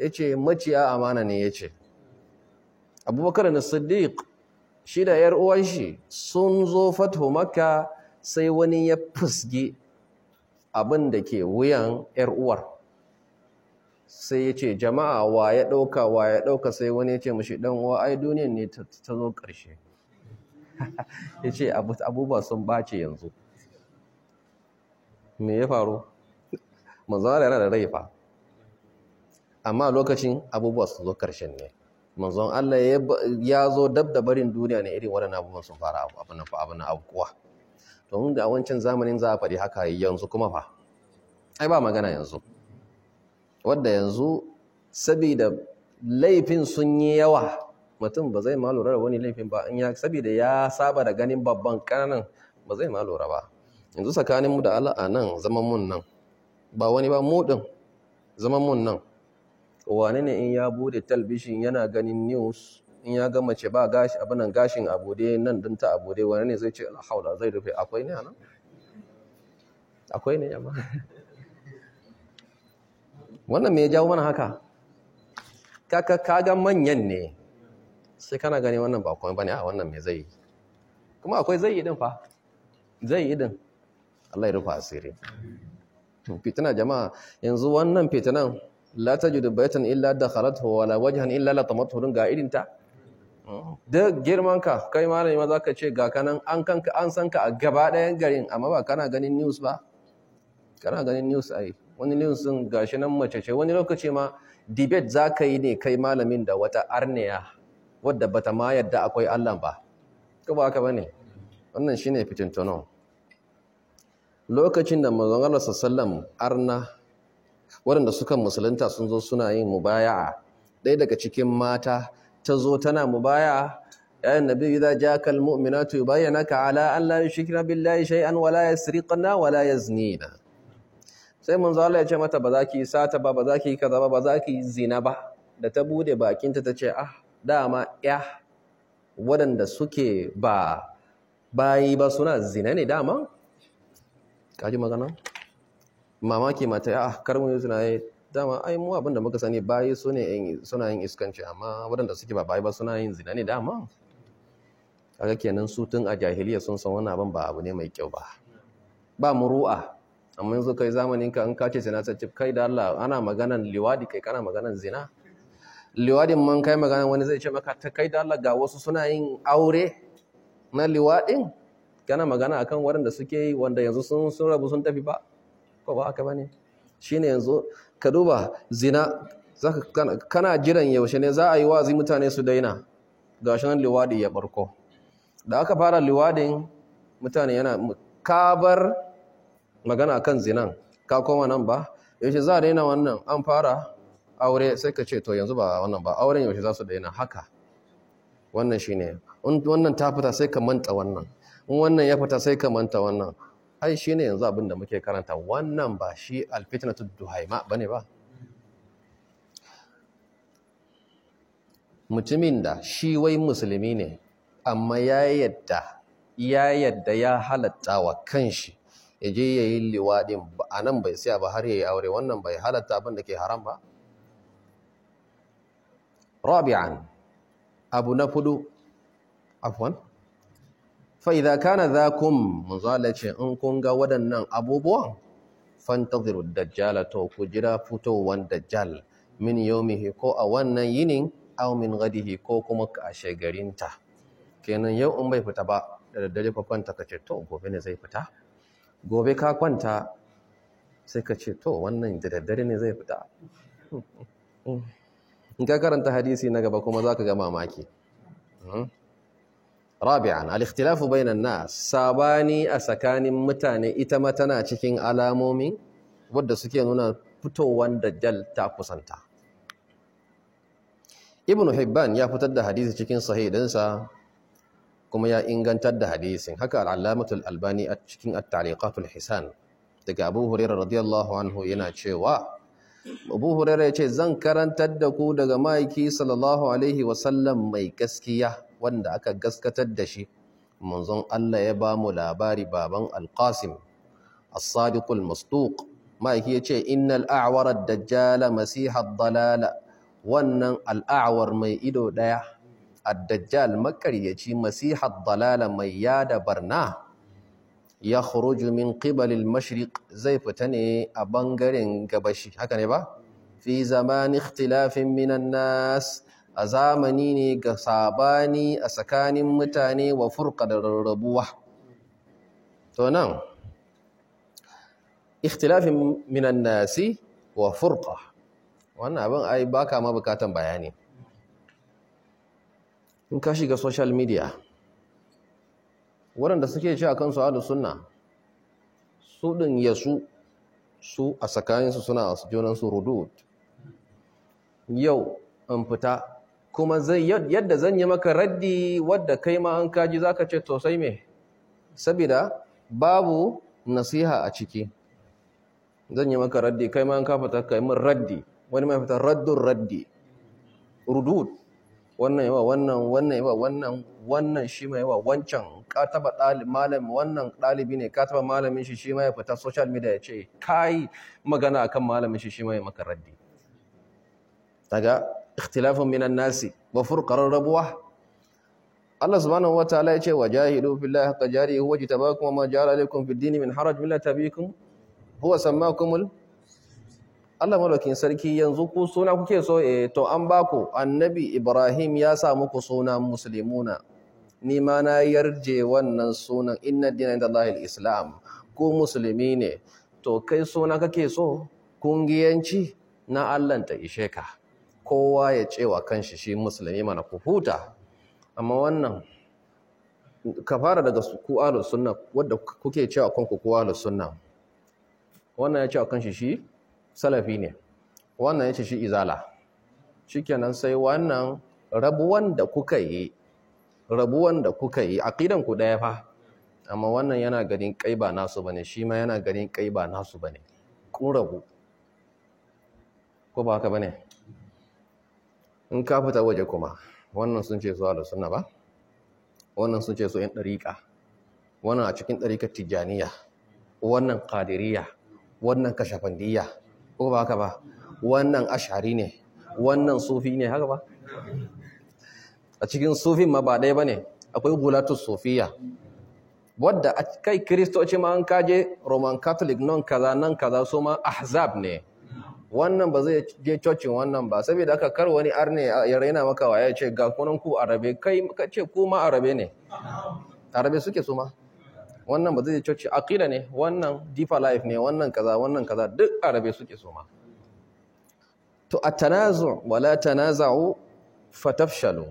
Ya ce maciya amana ne ya ce. abubakar na siddiq shi da ‘yar uwan shi sun zo fatu maka, sai wani ya fusgi abin da ke wuyan ‘yar uwar sai ya ce jama'a wa ya ɗauka wa ya ɗauka sai wani ya ce mashi ɗan wa ai duniyan ne ta zo ƙarshe ya ce abubuwa sun ɓace yanzu me ya faru mazara yana da rai fa amma lokacin abubuwa sun zo ƙarshen ne manzon Allah ya zo dab da barin duniya ne irin waɗannan abubuwan sun fara abin abin abuwa domin da a wancan zamanin za a faɗi haka yanzu kuma fa ai ba magana yanzu wadda yanzu saboda laifin sun yi yawa mutum ba zai ma lura da wani laifin ba in ya saboda ya saba da ganin babban kananan ba zai ma lura ba yanzu tsakaninmu da Allah a nan zaman mun nan ba wani ba mu din zaman mun nan wani ne in ya bude talbishin yana ganin news in ya ga mace ba gashi abinan gashin abude nan din ta abude wani ne zai ce alhaula zai rufe akwai ne anan akwai ne amma wannan me ya jawo mana haka kaka kaga manyan ne sai kana gani wannan ba kuma bane a wannan me zai kuma akwai zai yi din fa zai yi din Allah ya rufa asiri fitina jama'a yanzu wannan fitinan la tajidu baytan illa da dakhalathu wala wajhan illa latamathu ga irin ta da girman ka kai malami ma zaka ce ga kanan an kanka an san ka a gaba ɗayan garin amma ba kana ganin news ba kana ganin news ai wani news din gashi nan mace ce wani lokaci ma debate zaka yi ne kai malamin da wata arniya wadda bata ma yadda akwai Allah ba ko ba haka bane wannan shine fitintono lokacin da manzon Allah sallallahu alaihi wasallam arna waɗanda suka musulunta sun zo suna yin mubaya'a ɗaya daga cikin mata ta zo tana mubaya'a ya nabi idza jaka almu'minatu yubayyanaka ala an la yushrikna billahi shay'an wa la yasriqna wa la yaznina sai manzo Allah ya ce mata ba za ki sata ba ba za ki kaza ba ba za ki zina ba da ta bude bakinta ta ce ah dama ya waɗanda suke ba bayi ba suna zina ne dama kaji magana mamaki mata ya ah, karmu mu suna yi dama ai mu abin da muka sani bayi su ne suna yin iskanci amma waɗanda suke ba bayi ba suna yin zina ne dama kaga kenan su tun a jahiliya sun san wannan abin ba abu ne mai kyau ba ba muru'a amma yanzu kai zamanin ka an kace zina sai kai da Allah ana maganan liwadi kai kana maganan zina liwadin man kai magana wani zai ce maka ta kai da Allah ga wasu suna yin aure na liwadin kana magana akan waɗanda suke yi wanda yanzu sun rabu sun tafi ba ko ba haka bane shine yanzu ka duba zina kana jiran yaushe ne za a yi wazi mutane su daina shi nan liwadi ya barko da aka fara liwadin mutane yana kabar magana kan zinan ka koma nan ba yaushe za a daina wannan an fara aure sai ka ce to yanzu ba wannan ba auren yaushe za su daina haka wannan shi ne wannan ta fita sai ka manta wannan in wannan ya fita sai ka manta wannan ai shi ne yanzu abin da muke karanta wannan ba shi alfitnatu duhaima ba ne ba mutumin da shi wai musulmi ne amma ya yadda ya yadda ya halatta wa kan shi ya je ya yi liwaɗin a nan bai siya ba har ya yi aure wannan bai halatta abin da ke haram ba rabi'an abu na fudu afwani. fa idza za zakum muzalace in kun ga waɗannan abubuwan fantaziru dajjala to ku jira fitowar dajjal min yawmihi ko a wannan yinin aw min ghadihi ko kuma kashe garinta kenan yau in bai fita ba da daddare ka kwanta ka ce to gobe ne zai fita gobe ka kwanta sai ka ce to wannan da daddare ne zai fita in ka karanta hadisi na gaba kuma za ka ga mamaki hmm? رابعا الاختلاف بين الناس ساباني أسكان متاني إتمتنا تشكين على مومي ودى سكينونا فتوان دجال تاكوسانتا ابن حبان يا فتد حديث تشكين صحيح دنسا كما يا إنغان تد حديث هكا العلامة الألباني تشكين التعليقات الحسان daga Abu Hurairah radiyallahu anhu yana cewa Abu Hurairah ya ce zan karantar da ku daga ma'aiki sallallahu alaihi wasallam mai gaskiya wanda aka gaskatar da shi manzon Allah ya ba mu labari baban alqasim as-sadiqul masduq ma'aiki ya ce innal a'warar dajjala masihar dalala wannan al'awar mai ido ɗaya addajjal makaryaci masihar dalala mai yada barna ya khuruju min qibalil mashriq zai fita ne a bangaren gabashi haka ne ba fi zaman ikhtilafin minan nas a zamani ne ga sabani a tsakanin mutane wa furka da rarrabuwa to nan ikhtilafin minan nasi wa furka, wannan abin ai baka ma bukatan bayani in ka shiga social media waɗanda suke ci a su ahlus suna. su ɗin yasu su a tsakaninsu suna a junansu rudud yau in fita kuma yadda zan yi maka raddi wadda kai ma an kaji za ka ce tosai me saboda babu nasiha a ciki zan yi maka raddi kai ma an kafata kai min raddi wani mai fita raddun raddi rudud wannan yawa wannan wannan yawa wannan wannan shi mai yawa wancan kataba malam wannan dalibi ne kataba malamin shi shi mai fita social media ya ce kai magana akan malamin shi shi mai maka raddi daga Iktilafin minan nasi wa furqar rabuwa Allah subhanahu wa ta'ala ya ce wa jahidu billahi haqqa jarihi huwa jitabakum wa ma alaykum fid dini min haraj millata abikum huwa Allah malakin sarki yanzu ku suna kuke so eh to an baku annabi Ibrahim ya sa muku suna muslimuna ni ma na yarje wannan sunan inna dina indallahi al-islam ku musulmi ne to kai suna kake so kungiyanci na Allah ta ishe ka kowa ya ce wa kanshi shi musulmi mana ku huta amma wannan ka fara daga ku sunna wanda kuke cewa kanku ku ahlus sunna wannan ya ce wa kanshi shi salafi ne wannan ya ce shi izala shikenan sai wannan rabuwan da kuka yi rabuwan da kuka yi aqidan ku daya fa amma wannan yana ganin kai ba nasu bane shi ma yana ganin kai ba nasu bane kun rabu ko ba haka bane in ka fita waje kuma wannan sun ce zuwa da suna ba wannan sun ce su yan ɗariƙa wannan a cikin ɗariƙar tijjaniya wannan ƙadiriya wannan kashafandiya ko ba haka ba wannan ashari ne wannan sufi ne haka ba a cikin sufin ma ba ɗaya ba ne akwai gulatus sufiya wadda kai kiristoci ma an kaje roman catholic non kaza nan kaza su ma ahzab ne wannan ba zai je cocin wannan ba saboda aka kar wani arne ya raina maka wa ya ce ga kunan ku arabe kai ka ce ku ma arabe ne arabe suke su ma wannan ba zai je cocin aqila ne wannan deeper life ne wannan kaza wannan kaza duk arabe suke su ma to atanazu wala tanaza'u fatafshalu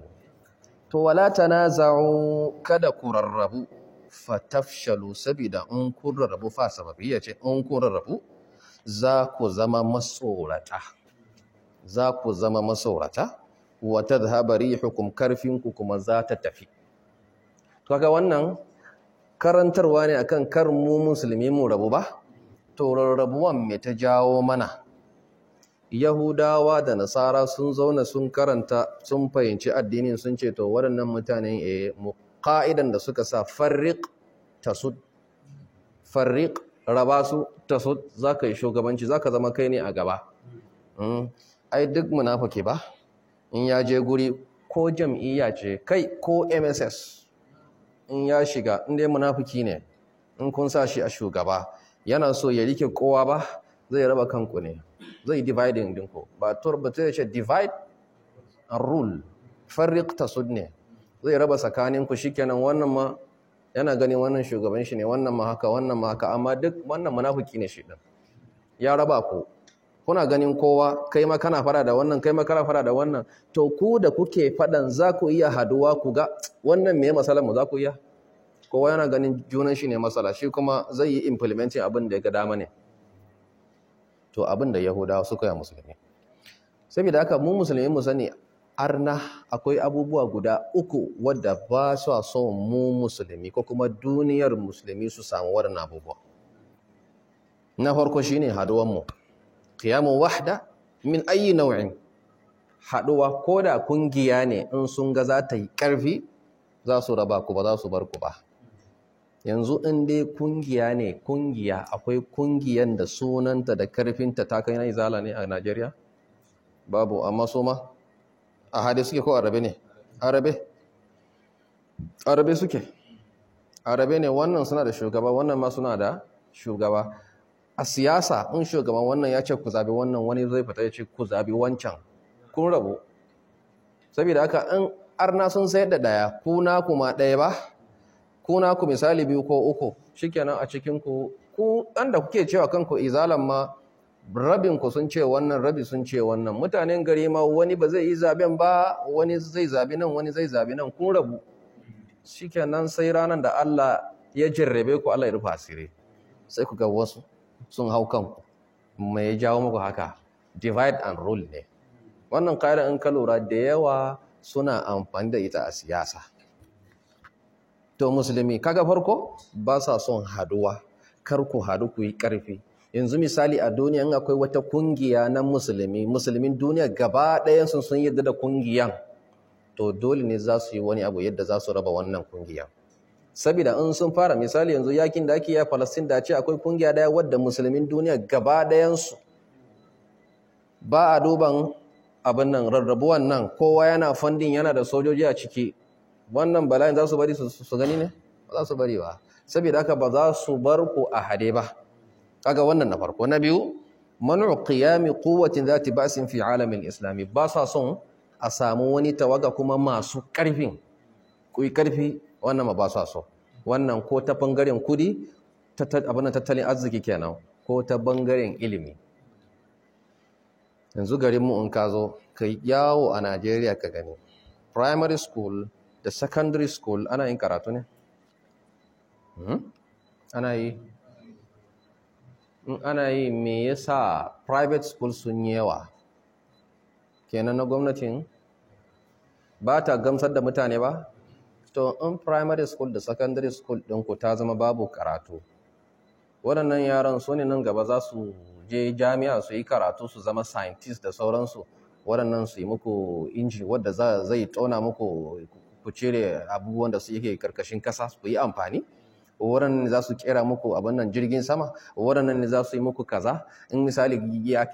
to wala tanaza'u kada kurarrabu fa fatafshalu saboda in kurarrabu fa sababiyya ce in kurarrabu za ku zama masorata za ku zama masorata wa tadhhaba rihukum karfinku kuma za ta tafi to kaga wannan karantarwa ne akan kar mu musulmi mu rabu ba to rabuwan me ta jawo mana Yahudawa da Nasara sun zauna sun karanta sun fahimci addinin sun ce to waɗannan mutanen e mu ka'idan da suka sa farriq tasud farriq raba su ta so za ka yi shugabanci za ka zama kai ne a gaba hmm, ai duk munafuki ba in ya je guri ko jam'iyya ce kai ko mss in ya shiga inda ya munafuki ne in kun sa shi a shugaba yana so ya rike kowa ba zai raba kanku ne zai dividing dinku ba turbata ya ce divide and rule farriq tasud ne zai raba tsakaninku shikenan wannan ma yana ganin wannan shugaban shi ne wannan ma haka wannan ma haka amma duk wannan munafiki ne shi din ya raba ku kuna ganin kowa kai ma kana fara da wannan kai ma kana fara da wannan to ku da kuke fadan za ku iya haduwa ku ga wannan me masalan mu za ku iya kowa yana ganin junan shi ne masala shi kuma zai yi implementing abin da ya ga dama ne to abin da yahudawa suka yi musulmi saboda haka mu musulmi mu sani arna akwai abubuwa guda uku wadda ba su so mu musulmi ko kuma duniyar musulmi su samu waɗannan abubuwa na farko shi ne haduwanmu qiyamun wahda min ayi nau'in haduwa ko da kungiya ne in sun ga za ta yi ƙarfi za su raba ku ba za su bar ku ba yanzu in dai ƙungiya ne ƙungiya akwai kungiyan da sunanta da ƙarfinta ta kai na izala ne a Najeriya babu amma su a hade suke ko arabe ne arabe arabe suke arabe ne wannan suna da shugaba wannan ma suna da shugaba a siyasa in shugaban wannan ya ce ku zabi wannan wani zai fita ya ce ku zabi wancan kun rabu saboda haka in arna sun sayar da daya ku na kuma daya ba ku na ku misali biyu ko uku shikenan a cikin ku ku dan da kuke cewa kanku izalan ma rabin ku sun ce wannan rabi sun ce wannan mutanen gari ma wani ba zai yi zaben ba wani zai zabi nan wani zai zabi nan kun rabu shikenan sai ranan da Allah ya jarrabe ku Allah ya rufa asiri sai ku ga wasu sun hau kanku me ya jawo muku haka divide and rule ne wannan kayan in ka lura da yawa suna amfani da ita a siyasa to musulmi kaga farko ba sa son haduwa kar ku hadu ku yi karfi yanzu misali a duniya in akwai wata kungiya na musulmi musulmin duniya gaba ɗayansu sun yadda da kungiyan to dole ne za su yi wani abu yadda za su raba wannan kungiya saboda in sun fara misali yanzu yakin da ake yi a Palestine da ce akwai kungiya daya wadda musulmin duniya gaba ɗayansu ba a duban abin nan rarrabuwan nan kowa yana funding yana da sojoji a ciki wannan bala'in za su bari su gani ne ba za su bari ba saboda haka ba za su bar ku a hade ba kaga wannan na farko na biyu man'u qiyami quwwatin zati ba'sin fi alamin islami ba sa son a samu wani tawaga kuma masu karfin kuyi karfi wannan ma ba sa so wannan ko ta bangaren kudi abin tattalin arziki kenan ko ta bangaren ilimi yanzu garin mu in ka zo ka yawo a Najeriya ka gani primary school da secondary school ana yin karatu ne hmm? ana yi in ana yi me yasa private school sun yi yawa kenan na gwamnatin ba ta gamsar da mutane ba to in primary school da secondary school ku ta zama babu karatu waɗannan yaran su ne nan gaba za su je jami'a su yi karatu su zama scientist da sauransu waɗannan su yi muku inji wadda zai tona muku ku cire abubuwan da su yake karkashin ƙasa su yi amfani waɗannan ne za su kera muku abin nan jirgin sama waɗannan ne za su yi muku kaza in misali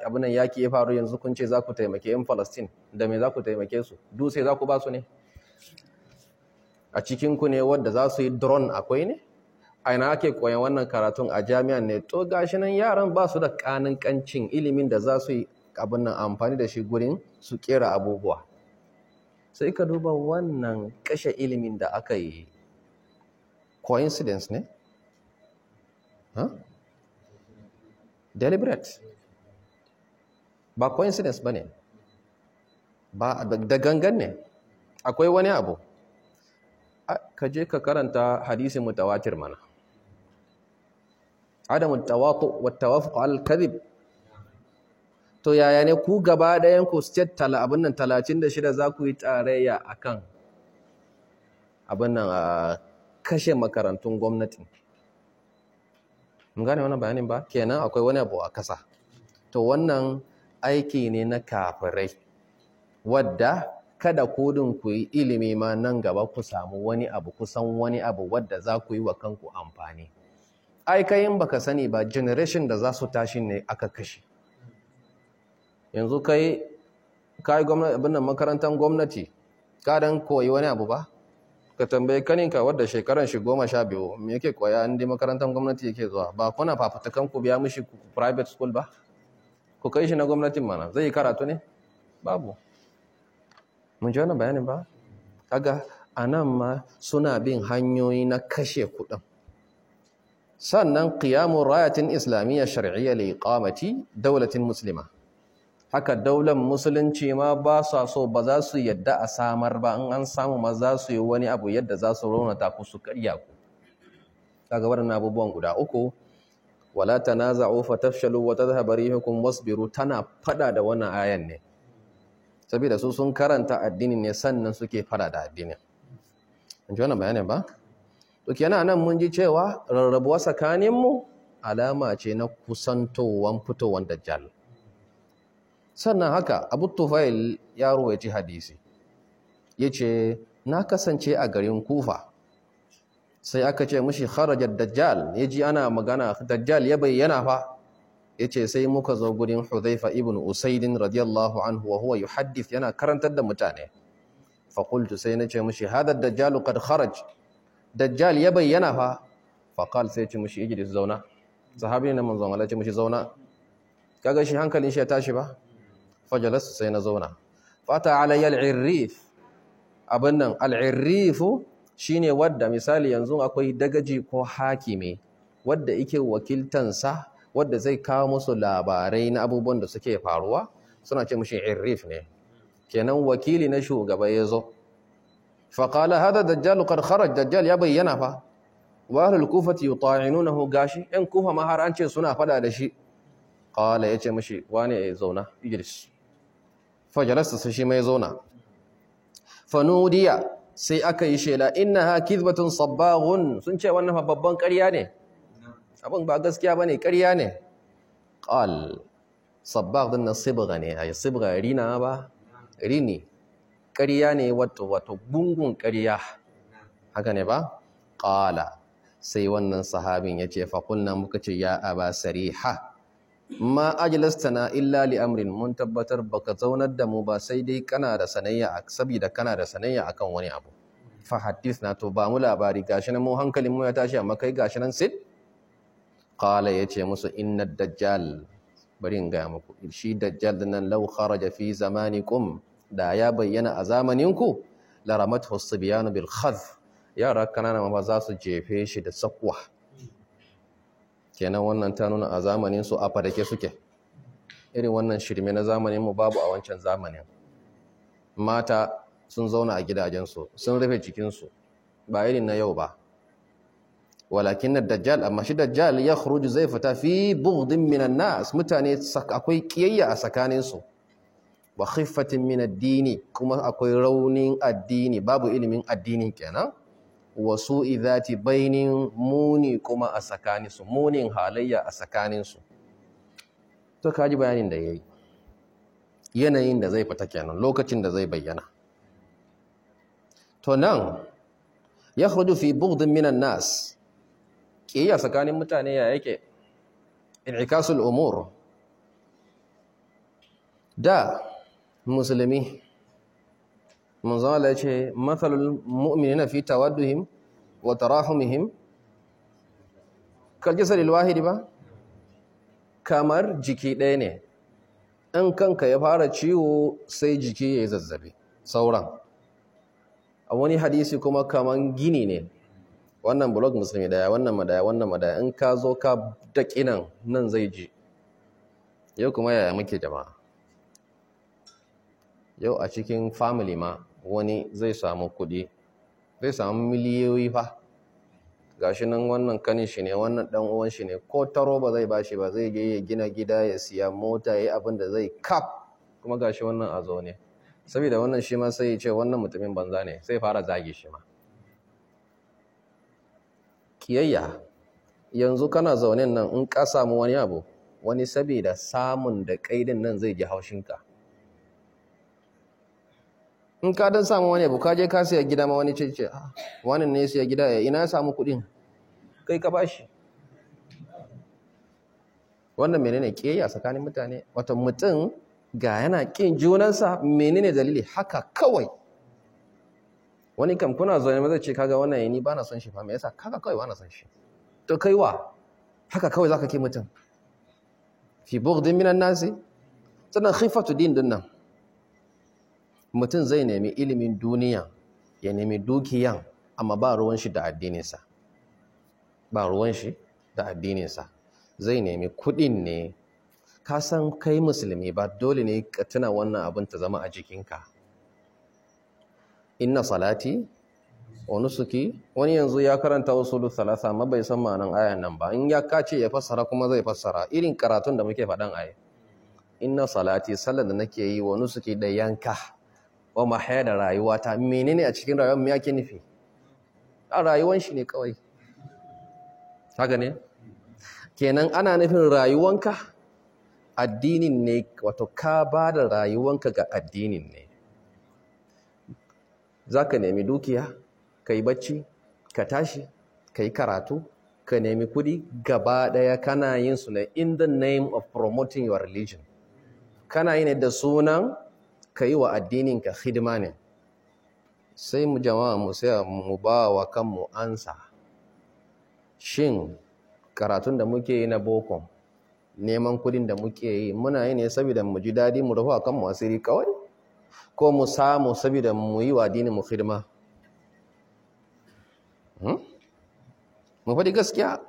abin nan yaki ya faru yanzu kun ce za ku taimake yan Falastin, da me za ku taimake su dutse za ku ba su ne a cikin ku ne wanda za su yi drone akwai ne a ina ake koyan wannan karatun a jami'an ne to gashi nan yaran ba su da kanin kancin ilimin da za su yi abin nan amfani da shi gurin su kera abubuwa sai ka duba wannan kashe ilimin da aka yi coincidence ne huh? deliberate ba coincidence ba ne ba da gangan ne akwai wani abu ka je ka karanta hadisin mutawatir mana adamu tawatu wattawafuq al-kadhib to yaya ne ku gaba ɗayan ku state tala abin nan 36 za ku yi tarayya akan abin nan kashe makarantun gwamnati gane wannan bayanin ba kenan akwai wani abu a kasa to wannan aiki ne na kafirai wadda kada kodin ku yi ilimi ma nan gaba ku samu wani abu kusan wani abu wadda za ku yi wa kanku amfani ai baka sani ba generation da za su tashi ne aka kashe yanzu kai kai gwamnati makarantar gwamnati ka koyi wani abu ba ka tambayi kaninka wadda shekaran shi goma sha biyu me yake koya an dai makarantar gwamnati yake zuwa ba kuna fafutukan ku biya mishi private school ba ku kai shi na gwamnatin mana zai yi karatu ne babu mun ji wannan bayanin ba kaga a nan ma suna bin hanyoyi na kashe kuɗin sannan ƙiyamun rayatin islamiyya shar'iyya liqamati dawlatin daulatin muslima haka daular musulunci ma ba sa so ba za su yadda a samar ba in an samu ma za su yi wani abu yadda za su raunata ku su karya ku gabar waɗannan abubuwan guda uku wala wata fatafshalu wa tadhhabu rihukum wasbiru tana fada da wannan ayan ne saboda su sun karanta addini ne sannan suke fada da addini an ji wannan bayanin ba to kenan nan mun ji cewa rarrabuwa tsakaninmu alama ce na kusantowan fitowan dajjal sannan haka abu tufail ya ruwaci hadisi ya ce na kasance a garin kufa sai aka ce mashi kharajar dajjal ya ji ana magana dajjal ya bayyana fa ya ce sai muka zo gudun huzaifa ibn usaidin radiyallahu anhu wa huwa yuhaddith yana karantar da mutane fakultu sai na ce mashi hadar dajjalu kad kharaj dajjal ya bayyana fa faƙal sai ce mashi igidis zauna sahabi na manzon Allah ce mashi zauna kaga shi hankalin shi ya tashi ba fajalastu sai na zauna fata alayya al'irrif abin nan al'irrifu shine wadda misali yanzu akwai dagaji ko hakime wadda ike wakiltansa wadda zai kawo musu labarai na abubuwan da suke faruwa suna ce mushi irrif ne kenan wakili na shugaba ya zo faƙala hada dajjal ƙarƙarar dajjal ya bayyana fa wa ahlul kufati yuta'inunahu gashi yan kufa ma an ce suna fada da shi ya ce mashi wane ya zauna idris fajalasta sai shi mai zauna fanudiya sai aka yi shela innaha kizbatun sabbahun sun ce wannan babban ƙarya ne abin ba gaskiya bane ƙarya ne qal sabbah din nan ne ne yi sibga rina ba rini ƙarya ne wato wato gungun ƙarya haka ne ba qala sai wannan sahabin yace fa kunna muka ce ya aba sariha ma na illa li amrin mun tabbatar baka zaunar da mu ba sai dai kana da sanayya saboda kana da sanayya akan wani abu fa hadith na to ba mu labari gashi nan mu hankalin mu ya tashi amma kai gashi nan sit qala yace musu inna dajjal bari in gaya muku shi dajjal nan law kharaja fi zamanikum da ya bayyana a zamaninku la ramathu sibyanu bil khadh yara kanana ma za su jefe shi da sakwa kenan wannan ta nuna a zamanin su a farake suke irin wannan shirme na zamanin mu babu a wancan zamanin mata sun zauna a gidajensu sun rufe cikin su ba irin na yau ba walakin na dajjal amma shi dajjal ya khuruju zai fita fi bughdin minan nas mutane akwai kiyayya a tsakaninsu wa khiffatin min addini kuma akwai raunin addini babu ilimin addinin kenan wasu izati bainin muni kuma a tsakaninsu munin halayya a tsakaninsu to ji bayanin da yayi yanayin da zai fita kenan lokacin da zai bayyana to nan ya hudu fi bugdin minan nas ƙiyya tsakanin mutane ya yake in'ikasul umur da musulmi Mun zama da ya ce mathalul mu'minina fi tawadduhim wa tarahumihim kal jasadil wahidi ba kamar jiki ɗaya ne in kanka ya fara ciwo sai jiki ya yi zazzabi sauran a wani hadisi kuma kamar gini ne wannan blog musulmi daya wannan madaya wannan madaya in ka zo ka daƙinan nan zai ji yau kuma yaya muke jama'a yau a cikin family ma wani zai samu kuɗi zai samu miliyoyi fa shi nan wannan kanin shi ne wannan dan uwan shi ne ko taro ba zai bashi ba zai yi gina gida ya siya mota ya abin da zai kaf kuma ga shi wannan a zaune saboda wannan shi ma sai ya ce wannan mutumin banza ne sai fara zagi shi ma kiyayya yanzu kana zaune nan in ka samu wani abu wani saboda samun da kaidin nan zai ji haushinka in ka dan samu wani abu ka je ka siya gida ma wani cece a ah, wani ne siya gida eh, ya ina samu kuɗin kai ka bashi wannan menene kiyayya tsakanin mutane wata mutum ga yana kin junansa menene dalili haka kawai wani kam kuna zo ne zai ce kaga wannan yini eh, ba na son shi fa me yasa kaga kawai ba na son shi to kai wa haka kawai zaka ke mutum fi bughdin minan nasi sannan khifatu din dinnan mutum zai nemi ilimin duniya ya nemi dukiyan amma ba ruwan shi da addininsa ba ruwan shi da addininsa zai nemi kuɗin ne ka san kai musulmi ba dole ne ka tuna wannan abin ta zama a jikinka inna salati wa nusuki wani yanzu ya karanta lu salasa amma bai san ma'anan ayan nan ba in ya kace ya fassara kuma zai fassara irin karatun da muke faɗan ayi inna salati sallar da nake yi wani nusuki da yanka wa mahaya da rayuwata menene a cikin rayuwar me yake nufi a rayuwan shi ne kawai haka ne kenan ana nufin rayuwanka addinin ne wato ka ba da rayuwanka ga addinin ne za ka nemi dukiya ka yi bacci ka tashi ka yi karatu ka nemi kudi gaba daya kana yin su ne in the name of promoting your religion kana yi ne da sunan ka yi wa addininka hidima ne sai mu jama'a mu sai mu ba wa kanmu ansa shin karatun da muke yi na boko neman kudin da muke yi muna yi ne saboda mu ji daɗi mu rufa kanmu asiri kawai ko mu samu saboda mu yi wa mu hidima hmm? mu faɗi gaskiya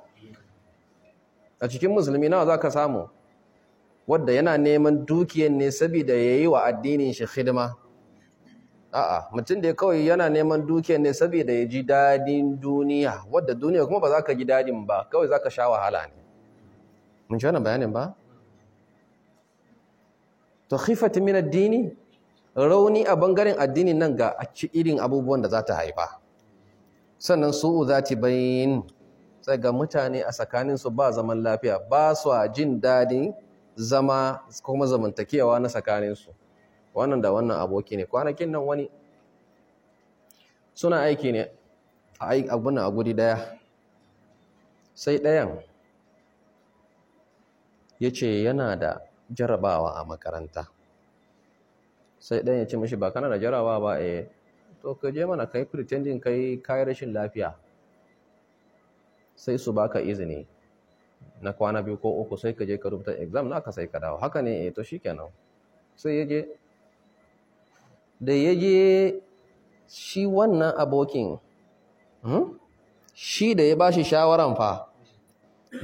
a cikin musulmi nawa za ka samu wadda yana neman dukiyar ne saboda yi wa addinin shi hidima a'a mutum da kawai yana neman dukiyar ne saboda ya ji dadin duniya wadda duniya kuma ba za ka ji dadin ba kawai za ka sha wahala ne mun ci wani bayanin ba Ta khifat min addini rauni a bangaren addinin nan ga a ci irin abubuwan da za ta haifa sannan su za ta bayin sai mutane a su ba zaman lafiya ba su jin dadin? zama kuma zamantakewa na tsakaninsu wannan da wannan aboki ne kwanakin nan wani suna aiki ne a abin a guri daya sai ɗayan ya ce yana da jarabawa a makaranta sai ɗayan ya ce mashi ba kana da jarabawa ba yi eh. to ka je mana ka yi pretending ka yi rashin lafiya sai su baka izini na kwana biyu ko uku sai ka je ka rubuta exam na ka sai ka dawo haka ne eh to shikenan sai ya je da ya je shi wannan abokin hmm, shi da ya ba shi shawaran fa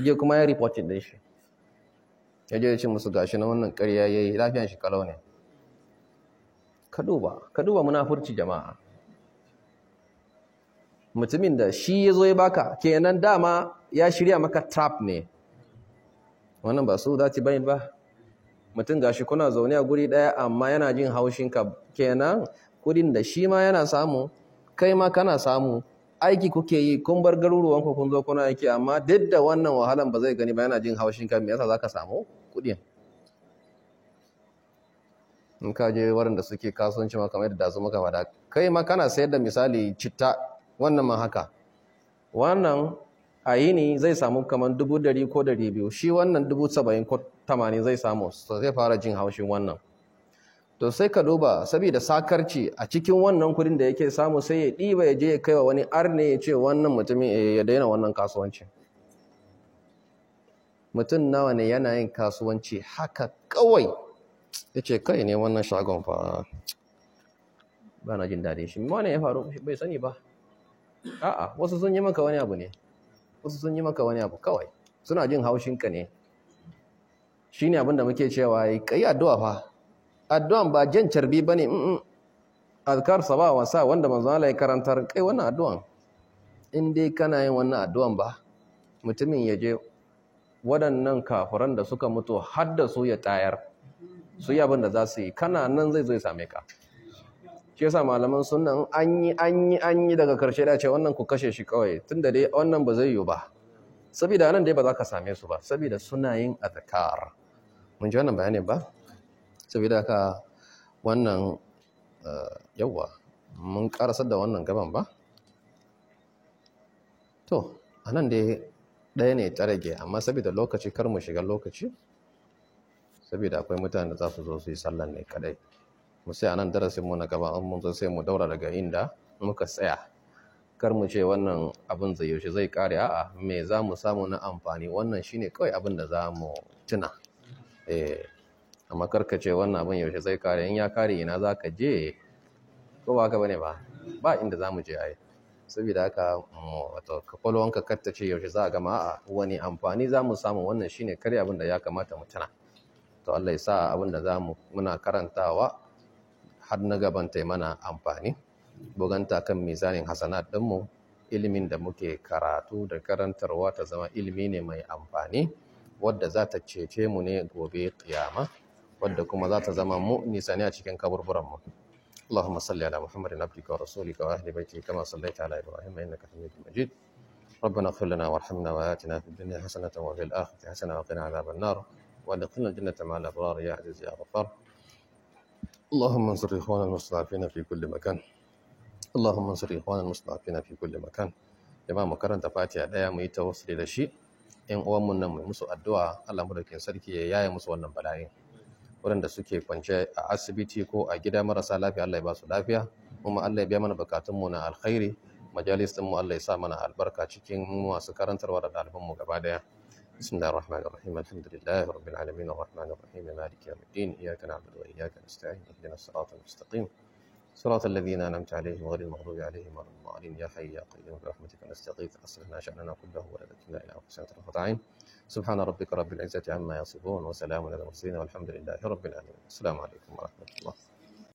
ya kuma ya reportin din shi ya je ya ce musu gashi na wannan ƙarya yayi lafiyan shi kalau ne ka duba ka duba munafurci jama'a mutumin da shi ya zo ya baka kenan dama ya shirya maka trap ne wannan ba su dace bane ba mutum gashi kuna zaune a guri daya amma yana jin haushinka kenan kudin da shi ma yana samu kai ma kana samu aiki kuke yi kun bar ku kun zo kuna aiki amma duk da wannan wahalan ba zai gani ba yana jin haushin ka me yasa zaka samu kudin in ka je wurin da suke kasuwanci ma kamar da su muka fada kai ma kana sayar da misali citta wannan ma haka wannan a yini zai samu kamar dubu dari ko dari biyu shi wannan dubu saba'in ko tamanin zai samu zai fara jin haushin wannan to sai ka duba saboda sakarci a cikin wannan kudin da yake samu sai ya ɗiba ya je ya kai wa wani arne ya ce wannan mutumin eh, ya daina wannan kasuwanci mutum nawa ne yana yin kasuwanci haka kawai ya ce kai ne wannan shagon fa ba na jin daɗin shi ma ne ya faru bai sani ba a'a wasu sun yi maka wani abu ne wasu sun yi maka wani abu kawai suna jin haushin ka ne shi ne abinda muke cewa yi kai addu'a fa addu'an ba jan carbi ba ne azkar saba wasa wanda manzon ya karantar kai wannan addu'an in dai kana yin wannan addu'an ba mutumin ya je waɗannan kafuran da suka mutu har da su ya tayar su yi abin da za su yi kana nan zai zo ya same ka shi yasa malaman sunan an yi an yi an yi daga karshe da ce wannan ku kashe shi kawai tunda dai wannan ba zai yiwu ba saboda nan dai ba za ka same su ba saboda suna yin azkar mun ji wannan bayani ba saboda ka wannan eh, yawa mun karasar da wannan gaban ba to anan dai ɗaya ne ta rage amma saboda lokaci kar mu shiga lokaci saboda akwai mutane da za su zo su yi sallan ne kadai mu sai anan darasin mu na gaba an mun zo sai mu daura daga inda muka tsaya kar mu ce wannan abin zai yaushe zai kare a'a me za mu samu na amfani wannan shine kawai abin da za mu tuna eh amma kar ka ce wannan abin yaushe zai kare in ya kare ina za ka je ko ba ka bane ba ba inda za mu je ai saboda haka mm, wato ka kar ta ce yaushe za a gama a'a wani amfani za mu samu wannan shine kare abin da ya kamata mu tuna to Allah ya sa abin da za mu muna karantawa har na gaban ta mana amfani buganta kan mizanin hasanat din mu ilimin da muke karatu da karantarwa ta zama ilimi ne mai amfani wanda za ta cece mu ne gobe kiyama wanda kuma za ta zama mu nisani a cikin kaburburan mu اللهم صل على محمد عبدك ورسولك وأهل بيتك كما صليت على إبراهيم إنك حميد مجيد ربنا اغفر لنا وارحمنا وآتنا في الدنيا حسنة وفي الآخرة حسنة وقنا عذاب النار وادخلنا الجنة مع الأبرار يا عزيز يا غفار اللهم انصر إخوان المستضعفين في كل مكان اللهم انصر إخوان المستضعفين في كل مكان jama'a mu karanta fati a daya mu yi tawassuli da shi in uwanmu nan mu musu addu'a Allah madaukakin sarki ya yaye musu wannan bala'in waɗanda suke kwance a asibiti ko a gida marasa lafiya Allah ya basu lafiya kuma Allah ya biya mana bukatun mu na alkhairi majalisin mu Allah ya sa mana albarka cikin masu karantarwa da ɗaliban mu gaba daya بسم الله الرحمن الرحيم الحمد لله رب العالمين الرحمن الرحيم مالك يوم الدين إياك نعبد وإياك نستعين اهدنا الصراط المستقيم صراط الذين أنعمت عليهم غير المغضوب عليهم ولا الضالين يا حي يا قيوم برحمتك نستغيث أصلحنا شأننا كله ولا تكلنا إلى أنفسنا طرفة عين سبحان ربك رب العزة عما يصفون وسلام على المرسلين والحمد لله رب العالمين السلام عليكم ورحمة الله